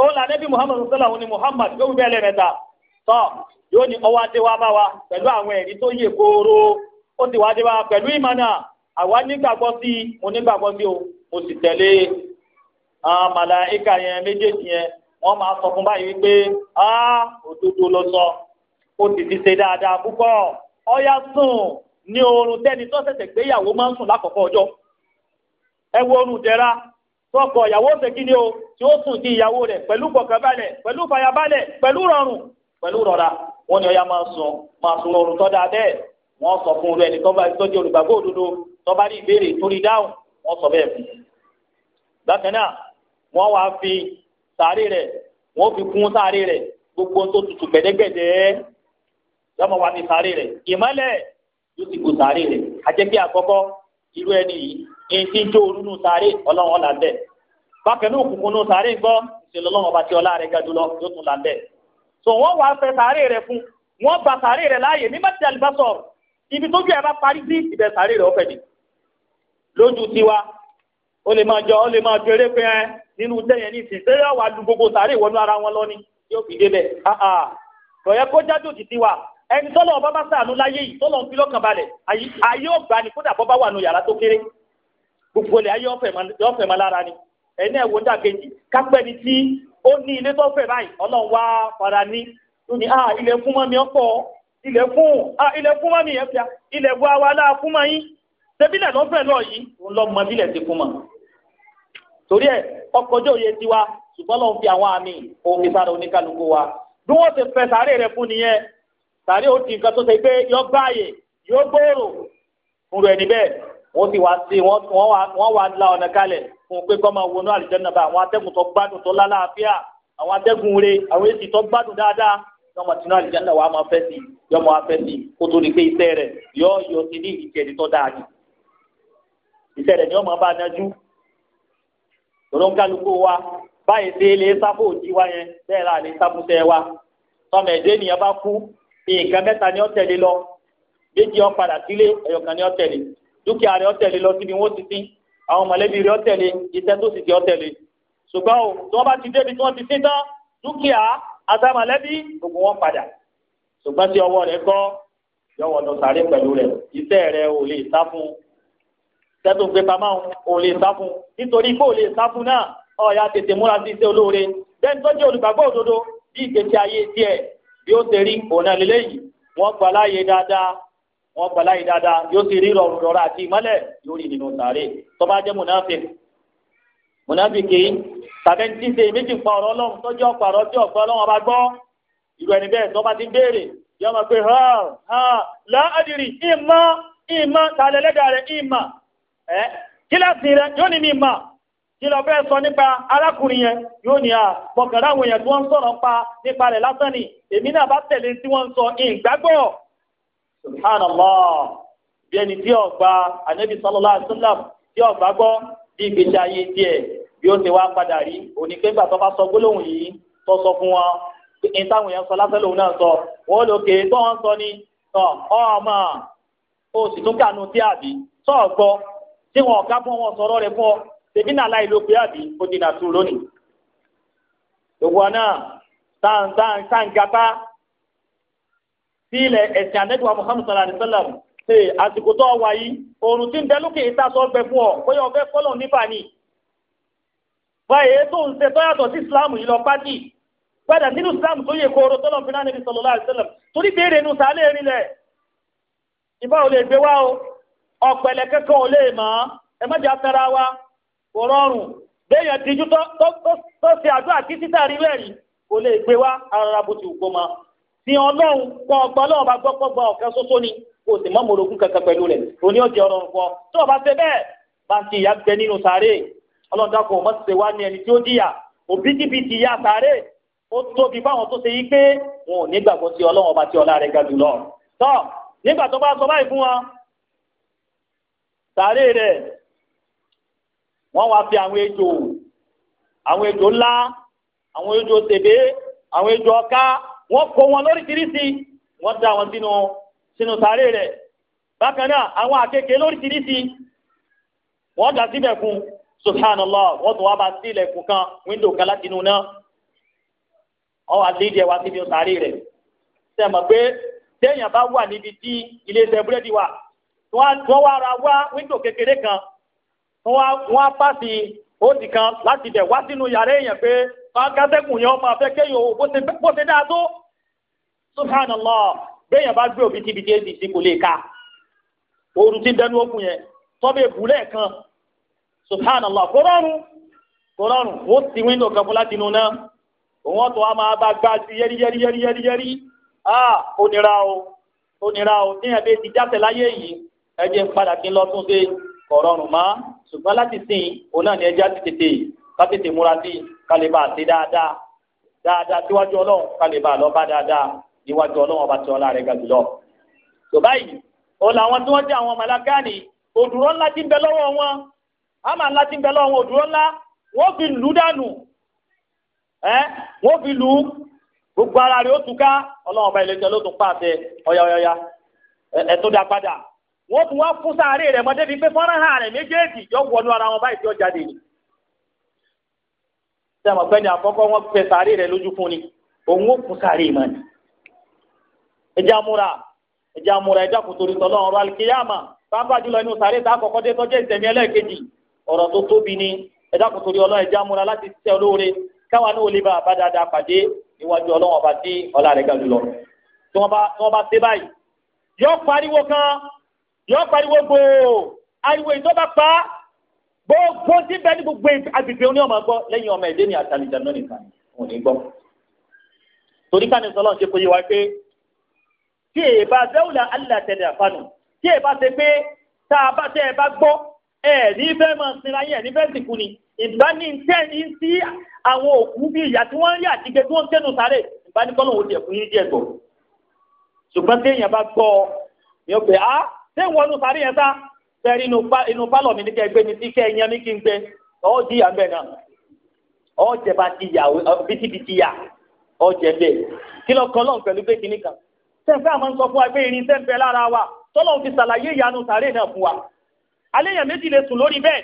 o là nẹ́bí muhammadu sallallahu ni muhammad yóò wí bẹ́ẹ̀ lẹ́mẹ̀ta tọ́ yóò ní ọwọ́ adé wa bá wa pẹ̀lú àwọn ẹ̀rí tó yẹ kóró ó ti wá dé wa pẹ̀lú ìmọ̀nà àwa nígbàgbọ́ sí i mo nígbàgbọ́ sí o mo sì tẹ̀lé e. màláìka yẹn méjèèjì yẹn wọ́n máa sọ fún báyìí wípé òdodo ló sọ ó sì ti ṣe dáadáa púpọ̀ oorun tẹ́ni tó ṣẹ̀ṣẹ̀ gbéyàwó máa ń sùn lákọ̀ọ́kọ́ ọjọ́ oorun tọkọ ìyàwó ṣe kí ni o tí ó sùn sí ìyàwó rẹ̀ pẹ̀lú kọ̀kànbalẹ̀ pẹ̀lú fàyàbalẹ̀ pẹ̀lú rọrùn pẹ̀lú rọra wọ́n ní ọ̀yà máa sùn máa sùn oorun tó dáa bẹ́ẹ̀ wọ́n sọ fún rẹ̀ ní tọ́ba ìtọ́jú olùgbàgbọ́ òdodo tọ́ba ní ìbéèrè torí dáhùn wọ́n sọ bẹ́ẹ̀ fún un. bákan náà wọ́n wá fi sàárè rẹ̀ wọ́n fi kún sàárè rẹ̀ gbogbo tó tutù gbẹ̀dẹ́gbẹ̀dẹ́ yọmọ wá fi sàárè rẹ̀ ìmọ́lẹ̀ yóò ti kù sàárè rẹ̀ àjẹpẹ́ àkọ́kọ́ irú ẹni yìí èyí tó orú nù sáré ọlọ́run ọ̀là bẹ́ẹ̀ bákan náà òkùnkùn nù sáré gbọ́ ìṣèlú ọlọ́run ọba tí ọlá rẹ̀ ga jùlọ yóò tún là bẹ́ẹ̀ so wọ́n wàá fẹ́ sáré rẹ̀ fún wọ́n ba sáré rẹ̀ láàyè ní mẹ́tì àlùbásọ̀ ibi tójú ẹ̀ bá parí sí ibẹ̀ sáré rẹ̀ ọ̀fẹ́ ni lójú tiwa ó lè máa jọ ó lè máa jẹrẹ pé ẹ nínú tẹ̀yẹ̀ ní ìsìn tẹ́yẹ̀ wà lu gbogbo sáré ìwọ́nú ara wọn lọ ni yóò fi débẹ̀ ah, ah. bọ̀yẹ kó jáde ẹni tọ́lọ̀ ọba bá sàánú láyé yìí tọ́lọ̀ ń fi lọ́kàn balẹ̀ ayé ọ̀gbà ni kódà bọ́ bá wà nù yàrá tó kéré gbogbo ilẹ̀ ayé ọ̀fẹ́ ma lára ni ẹni ẹ̀wò ń dàkejì kápẹ́ ni tí ó ní ilé tó fẹ́ báyìí ọlọ́run wá fara ní ní à ah, ilẹ̀ fún mọ́ mi ọ̀pọ̀ ilẹ̀ fún à ah, ilẹ̀ fún mọ́ mi yẹn fìyà ilẹ̀ bu awa aláà fún mọ́ yín débílẹ̀ lọ́fẹ̀ lọ yìí ń lọ mọ sàárè ó ti nǹkan tó ṣe pé yọ gbáàyè yóò gbòòrò fún rẹ níbẹ̀ wọ́n sì wá sí wọ́n wá la ọ̀nà kalẹ̀ fún pé kọ́ máa wọnú àlùjánnà bá àwọn atẹ́gùn tó gbádùn tó lálàáfíà àwọn atẹ́gùn re àwọn èsì tó gbádùn dáadáa yọmọ tinú àlùjánnà wàá máa fẹ́ sí yọmọ afẹ́ sí kó tó di pé iṣẹ́ rẹ̀ yọ yọ sí ní ìtẹ̀lé tó dáa ni iṣẹ́ rẹ̀ ni ọmọ bá nájú lọ́nkálukú wa báyìí sí ilé sáfò òjì wa yẹn bẹ́ẹ̀ láàrin sáfùsẹ́ wa tọmọ ẹ̀dẹ́ nǹkan mẹ́ta ni ó tẹ̀lé lọ méjì ó padà sílé ẹ̀yọ̀kan ni ó tẹ̀lé dúkìá rẹ̀ ó tẹ̀lé lọ síbi wọ́n ti sín àwọn mọ̀lẹ́bí rẹ̀ ó tẹ̀lé iṣẹ́ tó sì ti ó tẹ̀lé ṣùgbọ́n o tí wọ́n bá ti débi tí wọ́n ti sín tán dúkìá àtàmọ̀lẹ́bí gbogbo wọn padà ṣùgbọ́n tí ọwọ́ rẹ̀ kọ́ yọwọ́ lọ sàárẹ̀ pẹ̀lú rẹ̀ iṣẹ́ rẹ̀ ò lè sá fún iṣẹ́ tó gbé pamọ́ ò lè sá fún nítorí pé ò lè sá fún náà ọ̀ya tètè múra sí iṣẹ́ olóore bẹ́ẹ̀ ni tó jẹ́ olùgbàgbọ́ òdodo bí ìgbésí ayé tiẹ̀ bí ó ṣe rí ọ̀nà lélẹ́yìí wọ́n gbà láàyè dáadáa wọ́n gbà láàyè dáadáa yóò ṣe rí rọrùn rọra àti ìmọ́lẹ̀ yóò rí nínú sàárè tó bá jẹ́ munafik munafiki tàbí ẹni tí ń ṣe méjì pa ọ̀rọ̀ ọlọ́run tọ́jú ọ̀pọ̀ ọ̀rọ̀ tí ọ̀pọ̀ ọlọ́run bá gbọ́ ìlú ẹni bẹ́ẹ̀ tó ti béèrè yọ máa pe ha ha láàdìrì ìmọ̀ ìmọ̀ tàlẹ́ lẹ́dà rẹ̀ ìmọ̀ ẹ́ kíláàsì rẹ̀ yóò ní mi mà kí lọ bẹ́ẹ̀ sọ nípa arákùnrin yẹn yóò ní à pọ̀kànlá àwọn èèyàn tí wọ́n ń sọ̀rọ̀ pa nípa rẹ̀ lásán nìyí èmi náà bá tẹ̀lé tí wọ́n ń sọ ìgbàgbọ́ subhanallah bí ẹni tí ọgbà anabi sallallahu alaihi wasallam tí ọgbà gbọ́ bí ìgbésí ayé tiẹ̀ bí ó ti wá padà rí oníkéńgbà tó bá sọ gbólóhùn yìí tó sọ fún wọn ní táwọn èèyàn sọ lásán lòun náà sọ wọn lò kéé tó wọn sọ ni tọ ọmọ o sì tún kànú sí àbí tọ ọgbọ tí wọn ọ̀gá fún wọn sọ̀rọ̀ rẹ̀ fún ọ tèmi náà láì ló pé àbí ó dènà tù lónìí. gbogbo náà tàǹgàbá sí ilẹ̀ ẹ̀sìn anẹ́dùwà Muhammad sallallahu alayhi wa sallam ṣe àsìkò tó wà yìí oòrùn tí ń bẹ lókè yìí sásọ ọgbẹ fún ọ bóyá ọgbẹ fọlọ nípa ni báyìí tó ń ṣe tọ́yàtọ̀ sí Islam yìí lọ pátì padà nínú Islam tó yẹ kóró tọ́lọ̀ fi náà níbi sallallahu alayhi wa sallam torí béèrè inú sàálẹ̀ rí lẹ̀ ìbá ò lè gbé wá o ọ̀pẹ̀lẹ̀ kẹ́kọ̀ọ́ ò lè mọ̀ ẹ má jà tara wa kò rọrùn bẹ́ẹ̀ yẹn díjú tó ṣe àdúrà kí títà rí bẹ́ẹ̀ kò lè gbé wá ara bó ti wù kó ma ti ọlọ́run kọ́ ọgbà ọlọ́run bá gbọ́ pọ́gbà ọ̀kan ṣoṣo ni kò sì mọ́ mọ̀lógún kankan pẹ̀lú rẹ̀ òní ọ̀jẹ̀ ọ̀rọ̀ nǹkan tó o bá ṣe bẹ́ẹ̀ bá ń ti ìyá gbẹ nínú sàárè ọlọ́run dákun ọmọ ti ṣe wá ní ẹni tí ó jìyà òbítíbitì ìyá sàárè ó tóbi báwọn tó ṣe yí pé wọn ò ní gbàgbọ́ sí ọlọ́run ọba tí ọlá rẹ̀ ga jùlọ tó nígbà tó bá sọ báyìí fún wọn sàárè rẹ̀ wọ́n wá fi àwọn ejò àwọn ejò ńlá àwọn ejò tèbé àwọn ejò ọká wọ́n kó wọn lóríṣiríṣi wọ́n dá wọn sínú sínú sáré rẹ̀ bákan náà àwọn àkekèé lóríṣiríṣi wọ́n dá síbẹ̀ fún subhanallah wọ́n tún wá bá sí ilẹ̀kùn kan wíńdò kan láti inú náà wọ́n wá lédìí ẹ̀ wá síbi sáré rẹ̀ sẹ́mọ̀ pé téèyàn bá wà níbi tí iléeṣẹ́ búrẹ́dì wà wọ́n wá ra wá wíńdò kékeré kan wọ́n á pàṣẹ òdì kan láti bẹ̀ wá sínú yàrá èèyàn pé máa kátẹ́kùn yẹn máa fẹ́ kéèyàn o bó ṣe dáa tó subhanallah béèyàn bá gbé òbí tibitì èdè sí kò lè ka ooru ti dẹnu okùn yẹn tọ́bẹ̀ ìbúlẹ̀ kan subhanallah kò rọrùn kò rọrùn ó ti wíńdò kan fún láti inú náà òun ọ̀tọ̀ wa máa bá gbá sí yẹ́rí yẹ́rí yẹ́rí yẹ́rí yẹ́rí ah ó nira o ó nira o níyàn bẹ́ẹ̀ ti jáde láyé yìí ẹ jẹ́ padà kí n lọ tún ṣe kò rọrùn mọ́ ṣùgbọ́n láti sìn òun náà ni ẹ já tètè tètè múra sí i. kaliba ti daadaa dáadáa síwájú ọlọ́run kálíbà lọ niwaju dáadáa níwájú ọlọ́run ọba tí ọlá rẹ̀ ga jùlọ. tó báyìí ó làwọn tí wọ́n àwọn màlákàní òdùrọ̀ ńlá ti ń bẹ lọ́wọ́ wọn àmà ńlá ti ń bẹ lọ́wọ́ wọn ńlá fi dànù fi gbogbo ara padà ara wọn báyìí tí ó jáde sẹ́mi ọ̀pẹ́ ni àkọ́kọ́ wọn pẹ sàárè rẹ̀ lójú fún ni òun ó kú sàárè mọ́ ni. ẹja múra ẹja múra ẹja kò torí tọ́lọ́ ọ̀rọ̀ alikiyama pápá jùlọ inú sàárè tá àkọ́kọ́ dé tọ́jú ìsẹ̀mí ẹlẹ́ẹ̀kejì ọ̀rọ̀ tó tóbi ni ẹja kò torí ọlọ́ ẹja múra láti ṣiṣẹ́ olóore káwa ní olè bá a bá dáadáa pàdé iwájú ọlọ́wọ́n bá tí ọlá rẹ̀ ga jùlọ tí wọ́n bá ṣe báyìí yọ pariwo kan yọ pariwo gbòò ariwo ìtọ́ bá pa á gbogbo tí bẹ ní gbogbo agbègbè oní ọmọ gbọ́ lẹ́yìn ọmọ ẹdẹ ní àtàlìjà náà nìkan ò ní gbọ́ torí káni sọlọ ṣe kò yé wa pé tí èèbá dẹ́wùlà alẹ́ àtẹlẹ àfàànù tí èèbá ṣe pé tá a bá tẹ ẹ bá gbọ́ ẹ ní fẹ́ máa sinra yín ẹ ní fẹ́ sìnkú ni ìbáni tẹ́ni sí àwọn òkú bíi ìyá tí wọ́n ń rí àtìkẹ́ tí wọ́n ń kẹ́nu sáré ìbáni kọ́nà òun tiẹ̀ fún yín díẹ̀ gbọ́ ṣùgbọ́n téèyàn bá gbọ́ yóò pé ah ṣé ìwọ sẹ́rí inú pálọ̀ mi ní kẹ́ gbé mi sí kẹ́ ẹ̀yán mi kí n gbé ọ́ di náà ọ́ jẹ ti yà ọ yà ọ́ jẹ bẹ́ẹ̀ kí lọ kọ́ lọ́n pẹ̀lú pé kinní kan sẹ́fẹ́ àmọ́ ń sọ fún wa pé lára wa tọ́lọ́ fi ṣàlàyé ìyanu méjì lè sùn lórí bẹ́ẹ̀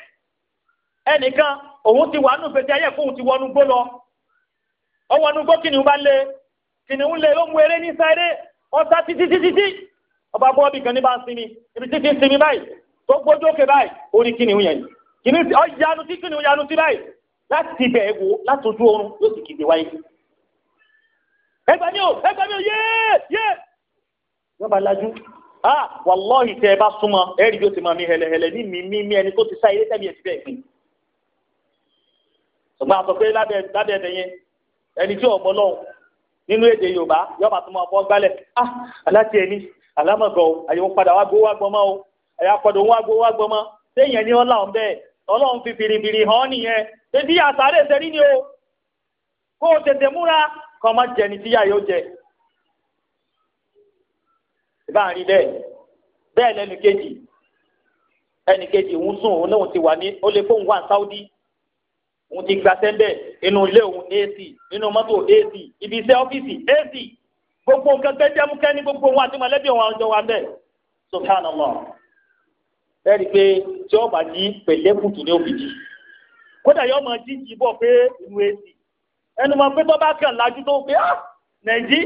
ẹnìkan òun ti wà nù ayé ti wọnú gbó lọ kìnìún bá lé kìnìún lé ó mú eré ní sáré tó gbójú òkè báyìí orí kìnìún yẹn kìnìún ọ yanu tí kìnìún yanu tí báyìí láti ibẹ̀ wo láti ojú oorun yóò sì kígbe wáyé ẹgbẹ́ mi ò ẹgbẹ́ mi ò yéé yéé wọ́n bá lajú ah wàlọ́ọ̀hì tẹ ẹ bá súnmọ́ ẹ rí bí ó ti máa mi hẹlẹhẹlẹ ní mi mi mi ẹni tó ti sá ilé tẹ̀mí ẹ̀ ti bẹ́ẹ̀ gbìn ṣùgbọ́n àtọ̀ pé lábẹ́ lábẹ́ yẹn ẹni tí ọ̀pọ̀ lọ́hùn nínú èdè Yorùbá yọba ah aláti ẹni alámọ̀gàn o àyẹ̀wò padà wá gbówó wá gbọ́n mọ́ o ẹ̀yà pọ̀dọ̀ wọn agbo wọn agbọmọ téèyàn ọlọ́run bẹ́ẹ̀ ọlọ́run fi fìrìfìrì hàn nìyẹn tètè o kó o tètè múra kọ́ ọ jẹ ní tíyà yóò jẹ. ìbá rí bẹ́ẹ̀ bẹ́ẹ̀ lẹ́nu ti wà ní ó lè fóun ti gba sẹ́ńbẹ̀ inú ilé òun AC inú mọ́tò AC ibi iṣẹ́ ọ́fíìsì AC gbogbo nǹkan kẹ́ni gbogbo àti mọ̀lẹ́bí wa ń bẹ̀ ẹ̀rí pé tí ọba ní pẹ̀lẹ́kùtù ní òbíjì kódà yóò máa díjì bọ̀ pé inú èsì ẹnu máa pé tó bá kàn lájú tó pé á ah, nàìjí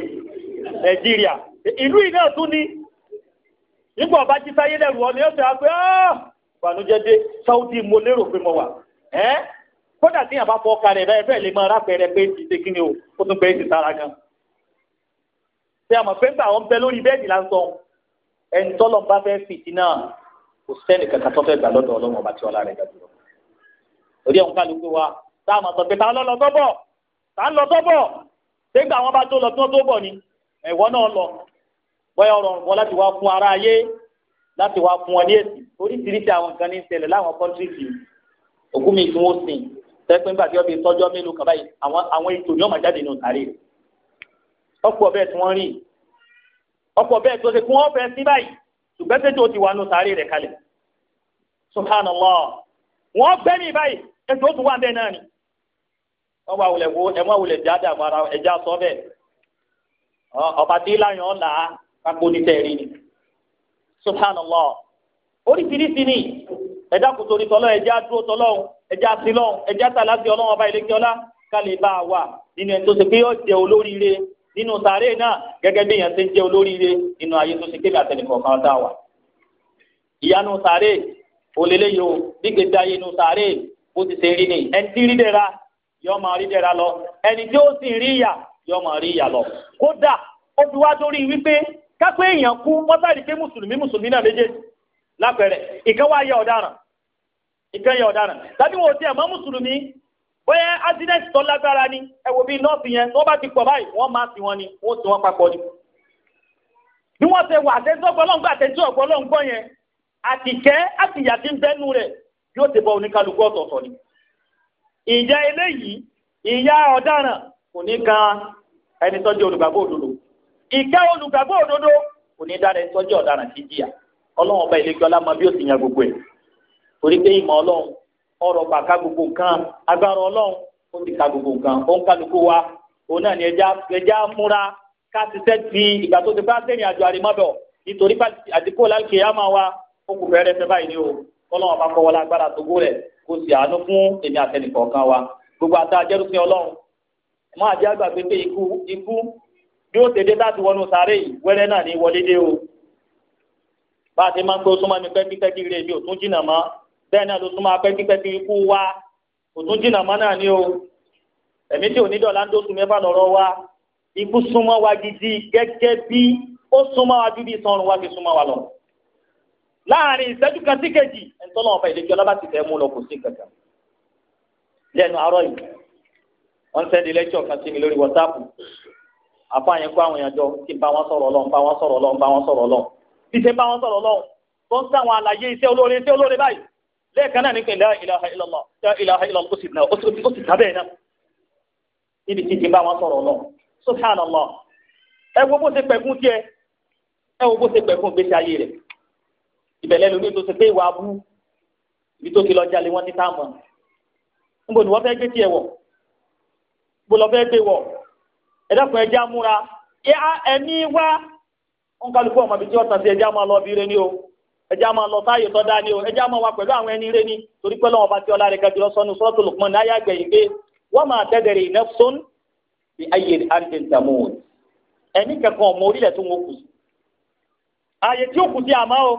nàìjíríà ìlú iná tún ní nígbà ọba jí sáyé lẹ́rù ọ ni ó ti wá pé áá ah, ìbànújẹ́ dé Saudi mo lérò pé mo wà ẹ́ kódà tí yàrá fọ ọkà rẹ̀ bẹ́ẹ̀ bẹ́ẹ̀ lè máa rápẹrẹ pé ti ṣe kí ni o ó tún bẹ́ẹ̀ ti sára gan. ṣé àmọ̀ pé ń bá àwọn bẹ lórí bẹ́ẹ̀dì lásán ẹni tọ́lọ́ bá fẹ́ fìtì náà kò sẹ́ni kankan tó fẹ́ gbà lọ́dọ̀ ọlọ́run ọba tí ọlá rẹ̀ gbàdúrà orí ẹ̀hún kálukú wa tá a máa sọ pé ta ló lọ tọ́bọ̀ ta ló tọ́bọ̀ ṣégbà àwọn bá tó lọ tí tó bọ̀ ni ẹ̀wọ́ náà lọ bọ́yá ọ̀rọ̀ ọ̀rọ̀ láti wá fún ara ayé láti wá fún ọ ní èsì oríṣiríṣi àwọn nǹkan ní ṣẹlẹ̀ láwọn kọ́ńtírìtì òkú mi tí wọ́n sìn tẹ́pẹ́ nígbà tí wọ́n fi tọ́jọ́ mélòó kan báyìí àwọn ètò ni wọ́n máa jáde nínú sàárè ọ̀pọ̀ bẹ́ẹ̀ tí wọ́n rí ọ̀pọ̀ bẹ́ẹ̀ tó wọ́n fẹ́ sí báyìí ṣùgbọ́n tẹ́jọ́ ti wà nù sáré rẹ̀ kalẹ̀ subhanallah wọ́n gbẹ́ ní báyìí ẹjọ́ tó wà bẹ́ẹ̀ náà ni wọ́n wà wulẹ̀ wo ẹ̀ wọ́n wulẹ̀ jáde àwọn ara ẹja sọ bẹ́ẹ̀ ọba tí láyọ̀ là á kápó ní tẹ̀rí ni subhanallah oríṣiríṣi ni ẹ̀dá kò torí tọ́lọ́ ẹja dúró tọ́lọ́ ẹja sílọ́ ẹja tàlásì ọlọ́wọ́n ọba ìlẹ́kẹ́ ọlá ká bá a wà nínú ẹ̀ tó ṣe pé yóò jẹ́ olóríire nínú sàárè náà gẹ́gẹ́ bí èèyàn ti ń jẹ́ olóríire nínú ayé tó ṣe kéde dá wa. ìyanu sàárè òlélẹ́yò gbígbé dáyé inú sàárè bó ti ṣe rí ni ẹni tí rí dẹ́ra yọ máa rí dẹ́ra lọ ẹni tí ó sì rí ìyà yọ máa rí ìyà lọ. kódà ó fi wá dórí wípé kápẹ́ èèyàn kú wọ́n pé mùsùlùmí mùsùlùmí náà méjèèjì lápẹ̀rẹ̀ yẹ ọ̀daràn yẹ bóyá accident tó lágbára ni ẹ wò nọ́ọ̀sì yẹn tó bá ti pọ̀ báyìí wọ́n máa ti wọn ni wọ́n ti wọn papọ̀ ni. bí wọ́n ṣe wà àtẹ́sọ́gbọ́lọ́ngbọ́ àtẹ́sọ́gbọ́lọ́ngbọ́ yẹn àtìkẹ́ àtìyà ti ń bẹ́nu rẹ̀ yóò ti bọ ọ̀tọ̀ọ̀tọ̀ ni. ìyá eléyìí ìyá ọ̀daràn ọ̀rọ̀ gbà ká gbogbo nǹkan agbára Ọlọ́run ó ti ka gbogbo nǹkan ó ń kálukú wa òun náà ni ẹja múra ká ti sẹ́ ti ìgbà tó ti bá sẹ́yìn àjọ àrèmọ́bọ̀ nítorí àdìpọ̀ lálùkè yá máa wa ó kù fẹ́rẹ́ fẹ́ báyìí ni o kọ́lọ́wọ́n bá kọ́ wọlé agbára tó gbó rẹ̀ kó sì àánú fún èmi àtẹnìkọ̀ọ̀kan wa gbogbo àti ajẹ́rúsìn Ọlọ́run mọ́ àjẹ́ àgbàgbé pé ikú ikú bí ó tẹ̀dé láti wọnú sáré yìí wẹ́rẹ́ náà ní wọlé dé o bá a ti máa ń pé ó súnmọ́ mi pẹ́kípẹ́kí rẹ̀ mi bẹ́ẹ̀ náà ló tún máa pẹ́ kípẹ́kí ikú wa kò tún jìnnà mọ́ náà ni o ẹ̀mí tí ò ní dọ̀lá ń dóṣù mẹ́fà lọ́rọ́ wa ikú súnmọ́ wa gidi gẹ́gẹ́ bí ó súnmọ́ wa ju bí sọ̀rùn wa fi súnmọ́ wa lọ. láàrin ìṣẹ́jú kan sí kejì ẹ̀ńtọ́nà ọ̀fẹ́ ìlẹ́jọ́ lọ́ba ti fẹ́ mú lọ kò sí kankan. lẹ́nu arọ́ yìí wọ́n sẹ́ni lẹ́jọ́ kan sí mi lórí wọ́sáàpù àfààyàn kó àwọn èèyàn jọ kí n bá wọn sọ̀rọ̀ lọ́n bá wọn sọ̀rọ̀ lọ́n bá wọn sọ̀rọ̀ lọ́n ee kan náà ní pé la ilaha illallah la ilaha illallah ó sì na ó sì tábẹ́ náà níbi tí ti bá wọn sọ̀rọ̀ lọ subhanallah ẹ wo bó ṣe pẹ̀kún tiẹ̀ ẹ wo bó ṣe pẹ̀kún ibi tó ti lọ jalè wọn ní táàmù níbo ni wọ́n fẹ́ ẹjẹ́ a máa lọ sáàyè tọ́ o ẹjẹ́ a wa wà pẹ̀lú àwọn ẹni rẹ ni torí pé lọ́wọ́ bá ti ọlá rẹ̀ gàdúrà sọ́nu sọ́ọ̀tù Luqman náà yàgbẹ́ yìí pé wọ́n máa tẹ́tẹ̀rẹ̀ nafsun bí ayé àti tamud ẹ̀mí kẹ̀kọ́ ọmọ orílẹ̀ tó sí. ààyè tí ó kù o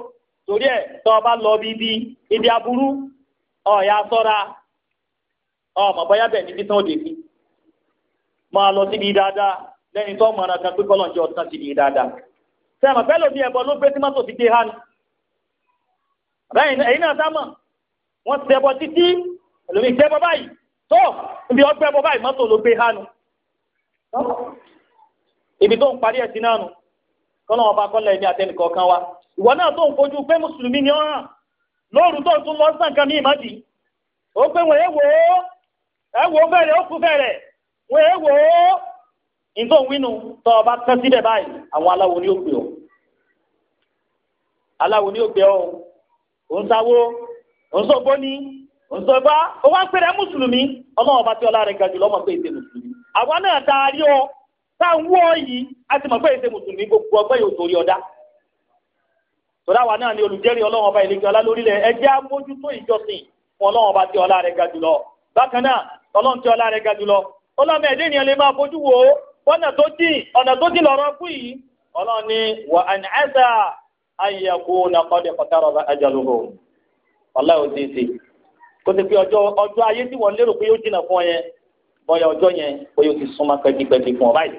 torí ẹ̀ tọ́ ọ bá lọ bí ibi ibi aburú ọ̀ọ́yà sọ́ra ọmọ bọ́yá bẹ̀ níbi tán òde sí máa lọ síbi dáadáa lẹ́ni tó mọ̀ràn kan tán síbi dáadáa. sẹ́mi àbẹ́yìn ẹ̀yin náà sámọ̀ wọ́n ti ẹbọ títí ẹlòmíì so báyìí tó ibi ọgbẹ́bọ báyìí mọ́tò ló gbé hánu ibi tó ń parí ẹ̀sìn náà nù kọ́nà ọba kọ́lẹ̀ ẹ̀mí àtẹnìkọ̀ kan wa ìwọ náà tó ń fojú pé mùsùlùmí ni ọ̀ràn lóòrù tó tún lọ sàn kan ní ìmọ̀dì ó pé wọ́n èèwò ẹ̀wò bẹ̀rẹ̀ ó kú bẹ̀rẹ̀ èèwò wínú tọ́ ọba tẹ́ báyìí àwọn aláwo ni ó gbé òun sáwó òun sọgbó ni òun sọgbá ó wá pèrè mùsùlùmí ọlọ́run ọba tí ọlá rẹ̀ ga jùlọ mọ̀ pé èsè mùsùlùmí àwa náà tá a rí ọ tá a ń wọ́ yìí a ti mọ̀ pé èsè mùsùlùmí gbogbo ọgbẹ́ yóò torí ọ̀dá tọ́lá wa náà ni olùjẹ́rìí ọlọ́run ọba ìlẹ́kẹ́ ọlá lórílẹ̀ ẹ jẹ́ amójútó ìjọsìn fún ọlọ́run ọba tí ọlá rẹ̀ ni wà á ayé kó na kọ́dé kọ́tàrọ̀ bá ajalu hó wàlá yóò ti ṣe kó ti ọjọ́ ọjọ́ ayé tí wọ́n lérò pé yóò jìnnà fún ọyẹn yẹn bọ́yá ọjọ́ yẹn ó yóò ti súnmọ́ fún ọ báyìí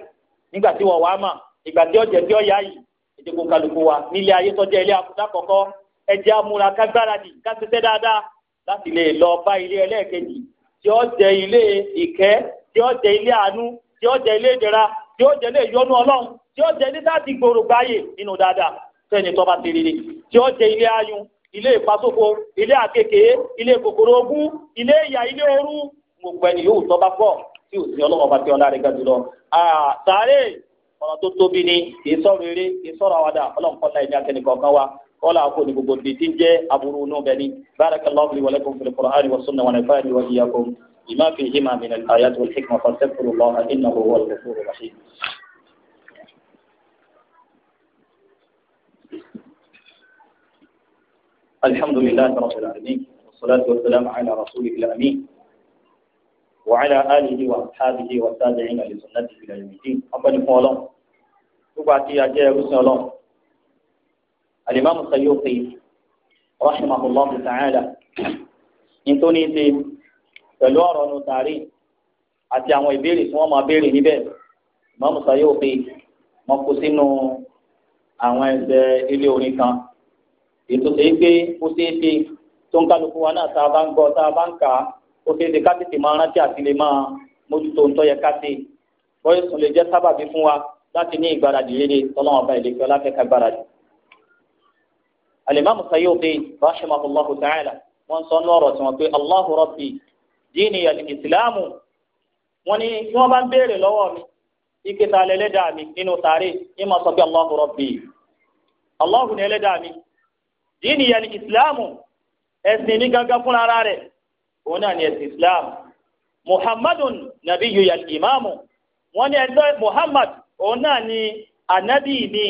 nígbà tí wọ́n wá mà ìgbà tí ọ̀yá yìí ètò wa nílé ayé tọ́jú ilé kọ̀kọ́ ẹ̀jẹ̀ amúra kágbáradì dáadáa láti lè lọ bá ilé ẹlẹ́ẹ̀kejì tí ilé àánú tí ilé ìdẹ̀ra tí ilé ọlọ́run tí ilé láti gbòòrò sẹ́ni tó ti rere tí ó jẹ ilé ayùn ilé ìpasóko ilé àkekèé ilé kòkòrò ogún ilé ìyà ilé orú gbogbo ẹni yóò tọ́ bá tí ò sí ọlọ́wọ́ bá ọlá rẹ̀ ga jùlọ. sáré ọ̀nà tó tóbi ni kì í sọ̀rọ̀ eré kì í sọ̀rọ̀ àwàdà ọlọ́nkọ́lá ẹ̀mí akẹ́nìkọ̀ọ̀kan wa kọ́lá àkó ni gbogbo ti jẹ́ aburú inú bẹ́ẹ̀ ni barakallahu li wa lakum fil qur'ani wa sunna wa nafa'ani wa iyyakum bima fihima min الحمد لله رب العالمين والصلاة والسلام على رسوله الأمين وعلى آله وأصحابه والتابعين لسنته إلى يوم الدين أبا نقول تبعتي أجاء رسول الإمام السيوطي رحمه الله تعالى إن تونيتي pẹ̀lú ọ̀rọ̀ nu tààrí àti àwọn ìbéèrè tí wọ́n máa béèrè níbẹ̀ ìmọ̀ musa yóò fi ètò ṣe pé ó ṣe é tó ń kálukú wa náà tá a bá ń gbọ́ tá a bá lè máa mójútó ń tọ́yẹ ká lè jẹ́ sábàbí fún wa láti ní ìgbáradì léde tọ́lọ́wọ́n ọba ìlẹ́kẹ́ ọláfẹ́ká gbáradì. alimami ta'ala sọ ní tí allahu rabbi diini yali isilamu ike ta mi nínú sáré ní ma sọ pé allahu rabbi allahu ni dínì yẹn ni ìsìláàmù ẹ̀sìn ní gángan fún ara rẹ̀ òun náà ni ẹ̀sìn ìsìláàmù muhammadun nàbí yuyal ìmáàmù wọ́n ní ẹjọ́ muhammad òun náà ni anabi mi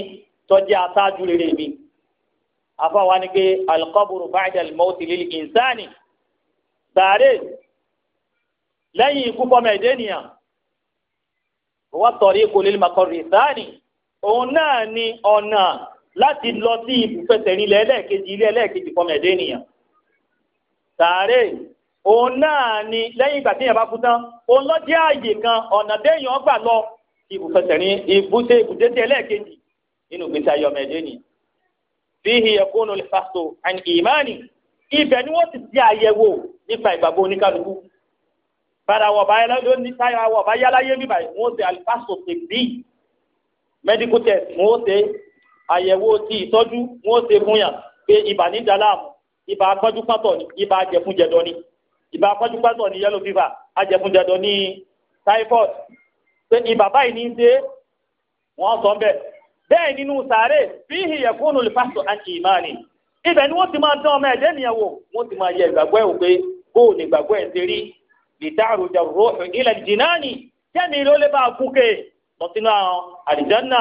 tọ́jú aṣáájú rere mi afáwa ni pé alqabru ba'da al-mawti lil sàárè lẹ́yìn ikú fọmọ ẹ̀dẹ́ nìyàn wọ́n tọ̀rí kò lè makọ̀rì sáàni òun náà ni ọ̀nà láti lọ sí ibùfẹsẹ̀rinlẹ̀ ẹlẹ́ẹ̀kejì ilé ẹlẹ́ẹ̀kejì fọmọ ẹ̀dẹ́ ènìyàn sàárè òun náà ni lẹ́yìn ìgbà téèyàn bá kú tán òun lọ jẹ́ ààyè kan ọ̀nà téèyàn gbà lọ ibùfẹsẹ̀rin ibùdé ibùdé tẹ ẹlẹ́ẹ̀kejì nínú ìgbésí ayé ọmọ ẹ̀dẹ́ ènìyàn fíhi yakunu lifasọ an ìmánì ibẹ̀ ni wọ́n ti di àyẹ̀wò nípa ìgbàgbọ́ oníkálukú bára wọ̀ bá yálà yé bíbáyìí wọ́n ṣe alifaso ṣe bíi medical test wọ́n ṣe àyẹ̀wò ti ìtọ́jú wọn ó ṣe fún yàn pé ibà ní dàlámù ibà akọ́júpátọ̀ ni ibà ajẹ̀fúnjẹ̀dọ̀ ni ibà akọ́júpátọ̀ ni yellow fever ajẹ̀fúnjẹ̀dọ̀ ni typhoid pé ibà báyìí ní í ṣe wọ́n sọ bẹ́ẹ̀ bẹ́ẹ̀ nínú sàárè fíhì yẹ̀kúnnù lè pásítọ̀ àti ìmáàní ibẹ̀ ni wọ́n ti máa dán ọmọ ẹ̀dẹ́ nìyẹn wọ́n ti máa yẹ ìgbàgbọ́ ẹ̀ wò pé bóò ní ìgbàgbọ́ ẹ̀ ṣe rí lìtàrú jàrú ilẹ̀ jìnnà ni jẹ́mi ló lè bá a kú ké lọ sínú àwọn àlìjánná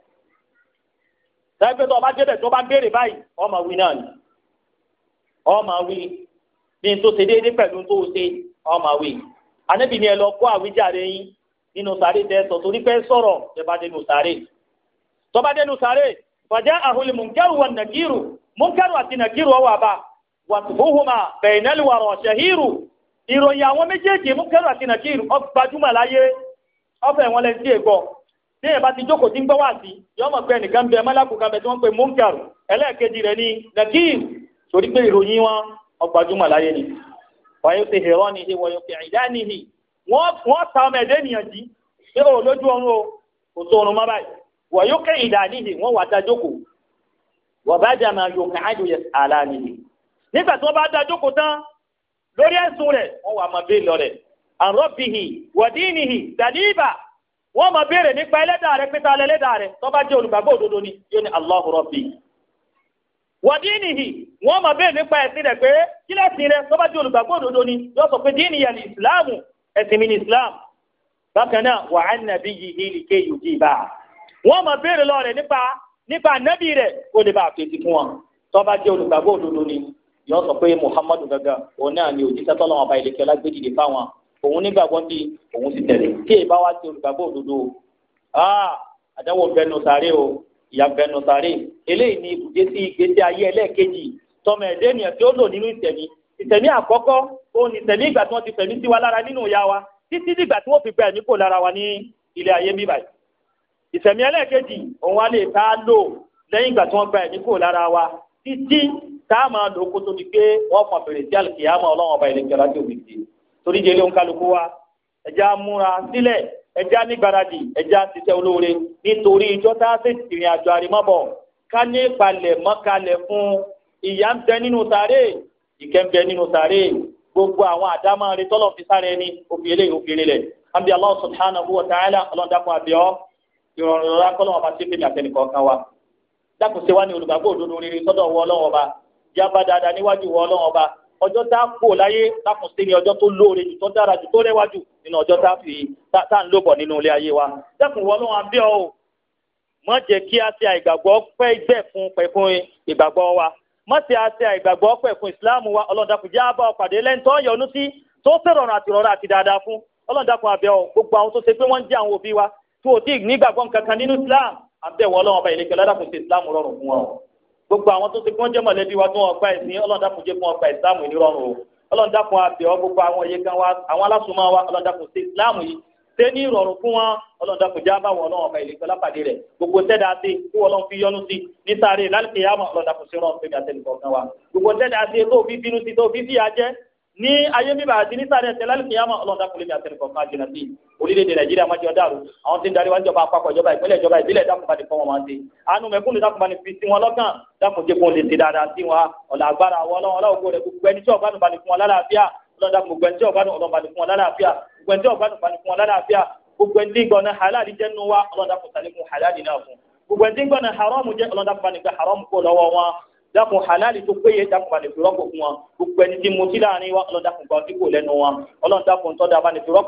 sáyẹ́pẹ́ tó o bá débẹ̀ tó o bá béèrè báyìí ọmọ wí náà ni ọmọ wí bí n tó ṣe déédéé pẹ̀lú tó o ṣe ọmọ wí anábì ni ẹ lọ kó àwíjàre yín nínú sàárè tẹ sọ torí pé sọ̀rọ̀ tẹ bá dénú sàárè tó bá dénú sàárè fàjá àhùlẹ̀ mùnkẹ́rù wà nàkírù mùnkẹ́rù àti nàkírù ọwọ́ àbá wàtúhùmá bẹ̀ẹ̀nẹ́lì wà rọ̀ ṣẹ̀hírù ìròyìn àwọn méjèèjì mùnkẹ́rù àti nàkírù ó láyé ọ̀fẹ́ tí èèyàn bá ti jókòó tí ń gbọ́ wá sí yọ mọ̀ pé ẹnìkan bẹ mọ́lákù kan bẹ tí wọ́n pe munkar ẹlẹ́ẹ̀kejì rẹ̀ ní nakir torí pé ìròyìn wọn ọgbàjúmọ̀ láyé ni wàyó ti hẹ̀rọ ni ìwọ̀ yóò fi àìdá ni hì wọ́n ta ọmọ ẹ̀dẹ́ ènìyàn jí pé o lójú ọrùn o kò tó ọrùn má báyìí wàyó kẹ́ ìdá ni hì wọ́n wà dá jókòó wọ́n bá jà máa yọ káàdù yẹ àlá ni hì nígbà wọ́n máa béèrè nípa ẹlẹ́dàá rẹ pété alẹ́ rẹ tó bá jẹ́ olùgbàgbọ́ òdodo ni yóò ní Allahu Rabbi wàdíìnìhì wọ́n máa béèrè nípa ẹ̀sìn rẹ pé kílẹ̀sìn rẹ tó bá jẹ́ olùgbàgbọ́ òdodo ni yóò sọ pé ní ìsìláàmù ẹ̀sìn mi ní ìsìláàmù bákan náà wà á nàbí yìí fún wọn tó bá jẹ́ olùgbàgbọ́ òdodo ni yóò sọ pé Muhammadu gàgà òun náà ni òun nígbàgbọ́ bí òun ti tẹ̀lé tí èyí bá wá ti olùgbàgbọ́ òdodo àdánwò bẹnu sáré o ìyá bẹnu sáré eléyìí ni ibùdó sí ìgbésí ayé ẹlẹ́ẹ̀kejì tọmọ ẹ̀dẹ́ ènìyàn tí ó lò nínú ìtẹ̀mí ìtẹ̀mí àkọ́kọ́ òun ni ìtẹ̀mí ìgbà tí wọ́n ti fẹ̀mí sí wa lára nínú ìyá wa títí dìgbà tí wọ́n fi gba ẹ̀mí kò lára wa ní ilé ayé bíbà yìí ìtẹ̀mí ẹlẹ́ẹ̀kejì òun wa lè tá a lò lẹ́yìn ìgbà tí wọ́n torí délé òǹkàlùkù wa ẹja múra sílẹ̀ ẹja nígbàradì ẹja ṣiṣẹ́ olóore nítorí ìjọ tá a ṣe ìrìn àjò àrèmọ́bọ̀ ká ní ìpalẹ̀ mọ́kalẹ̀ fún ìyà ń bẹ nínú sàárè ìkẹ́ ń bẹ nínú sàárè gbogbo àwọn àdámọ́ rẹ tọ́lọ̀ fi sáré ní obìnrin eléyìí obìnrin lẹ̀ àbí Allah subhanahu wa ta'ala ọlọ́dàkùn àbíọ́ ìrọ̀rùn ìrọ̀rá kọ́lọ́ ọba tí fèmí àtẹnìkọ̀ kan wa dákùn wa ní olùgbàgbọ́ òdodo rere sọ́dọ̀ wọ ọlọ́wọ́ ọba yaba dáadáa níwájú wọ ọlọ́wọ́ ọba ọjọ́ tá a kú láyé lákùn sí ni ọjọ́ tó lóore jù tó dára jù tó rẹwà jù nínú ọjọ́ tá a fi tá a ń lòbọ̀ nínú ilé ayé wa dẹ́kun wọ́n lọ́wọ́ abẹ́ ọ má jẹ́ kí a ṣe àìgbàgbọ́ pẹ́ gbẹ́ fún pẹ́ fún ìgbàgbọ́ wa má ṣe a ṣe àìgbàgbọ́ pẹ́ fún ìsìláàmù wa ọlọ́dàkùn já bá ọ pàdé lẹ́ńtọ́ yọ̀ọ́nú sí tó fẹ́ràn àti rọra àti dáadáa fún ọlọ́dàkùn abẹ́ ọ gbogbo àwọn tó ṣe pé wọ́n ń jẹ́ àwọn òbí wa tó ò tí ì nígbàgbọ́ nǹkan kan nínú islam àbẹ̀wò ọlọ́wọ́n ọba ìlẹ́kẹ̀ ọlọ́dàkùn ṣe islam rọrùn fún wa gbogbo àwọn tó ti kún jẹ́ mọ̀lẹ́bí wa tó wọn pa ẹ̀sìn ọlọ́run dákun jẹ́ fún wọn pa ìsìláàmù nírọ̀rùn o ọlọ́run dákun àbẹ̀ ọ gbogbo àwọn iye kan wa àwọn alásùnmọ́ wa ọlọ́run dákun ṣe ìsìláàmù yìí ṣe ní ìrọ̀rùn fún wọn ọlọ́run dákun já báwọn ọlọ́run ọba ìlẹ̀kọ́ lápàdé rẹ̀ gbogbo tẹ́lẹ̀ àti kó ọlọ́run fi yọ́nú sí ní sáré lálẹ́ kẹyàmọ̀ ọlọ́run dákun ṣe fẹ́mi àtẹnìkọ̀ọ̀kan ni ayé bíbá àti ní sáré ẹsẹ̀ lálẹ́ kìyàmọ́ ọlọ́dà kúlẹ̀ ní àtẹnukọ̀ fún àjẹnà sí orílẹ̀-èdè nàìjíríà má jẹ́ ọ̀dàrú àwọn tí ń darí wá jọba àpapọ̀ ìjọba ìpínlẹ̀ ìjọba ìbílẹ̀ dákùnbani fọwọ́ máa ń ṣe àánú mẹ́kúnnù dákùnbani fi sí wọn lọ́kàn dákùnjẹ́kùn lè ṣe dáadáa sí wọn ọ̀là agbára àwọn ọlọ́run ọlọ́run rẹ̀ gbogbo ẹni tí ọ̀gbánu bani fún wọn lálàáfíà ọlọ́dà gbogbo ẹni tí ọ̀gbánu ọlọ́run bani fún wọn lálàáfíà gbogbo ẹni tí ọ̀gbánu bani fún wọn lálàáfíà gbogbo ẹni tí gbọ́nà halali jẹ́ nu wa ọlọ́dà kùsàlẹ̀ kùn halali náà fún gbogbo ẹni tí gbọ́nà haramu jẹ́ ọlọ́dà kùbani haramu kó lọ́wọ́ wọn dákun halali tó péye dákun bá lè fi rọ́pò fún wọn gbogbo ẹni tí mo ti láàrin wa ọlọ́run dákun gba ọtí kò lẹ́nu wọn ọlọ́run dákun tọ́da bá lè fún wọn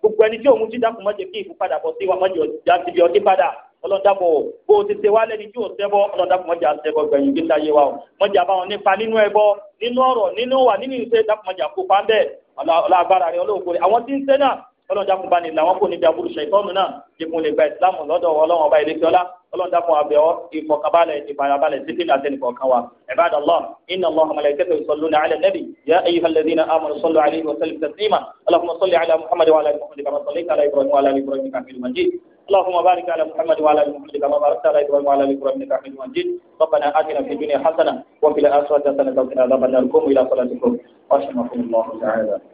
gbogbo ẹni tí òun ti dákun mọ́jẹ kí ìfúpadà bọ̀ sí wa mọ́jẹ ọjà ti bí ọtí padà ọlọ́run dákun bó o ti ṣe wá lẹ́ni tí ò ṣẹbọ ọlọ́run dákun mọ́jẹ àṣẹbọ gbẹ̀yìn gbé sáyé wa mọ́jẹ àbáwọn nípa nínú ẹbọ nínú ọ̀rọ̀ nínú wà nínú ìṣe dákun mọ́jẹ àkópa ọlọ́dàkùn bá ní làwọn kò ní bí aburú ṣètọ́nù náà jẹkùn lè gba ìsìlámù lọ́dọ̀ ọlọ́wọ́n ọba ìlẹ́kẹ́ ọlá ọlọ́dàkùn àbẹ̀ ọ ìfọkàbalẹ̀ ìfarabalẹ̀ títí àtẹnì kọ̀ọ̀kan wa ẹ̀bàdà lọ iná lọ ọmọlẹ̀ ìkẹ́tẹ̀ ìsọ̀lú ní alẹ́ nẹ́bí yá eyí hàlẹ́dínà amọ̀rọ̀ sọ̀lú alẹ́ ìwọ̀sẹ̀lẹ̀ alẹ́ muhammadu wa alẹ́ اللهم بارك على محمد وعلى ال محمد كما باركت على ابراهيم وعلى ال ابراهيم انك حميد مجيد ربنا اتنا في الدنيا حسنه وفي الاخره حسنه وقنا عذاب النار قوموا الى صلاتكم واشهد الله تعالى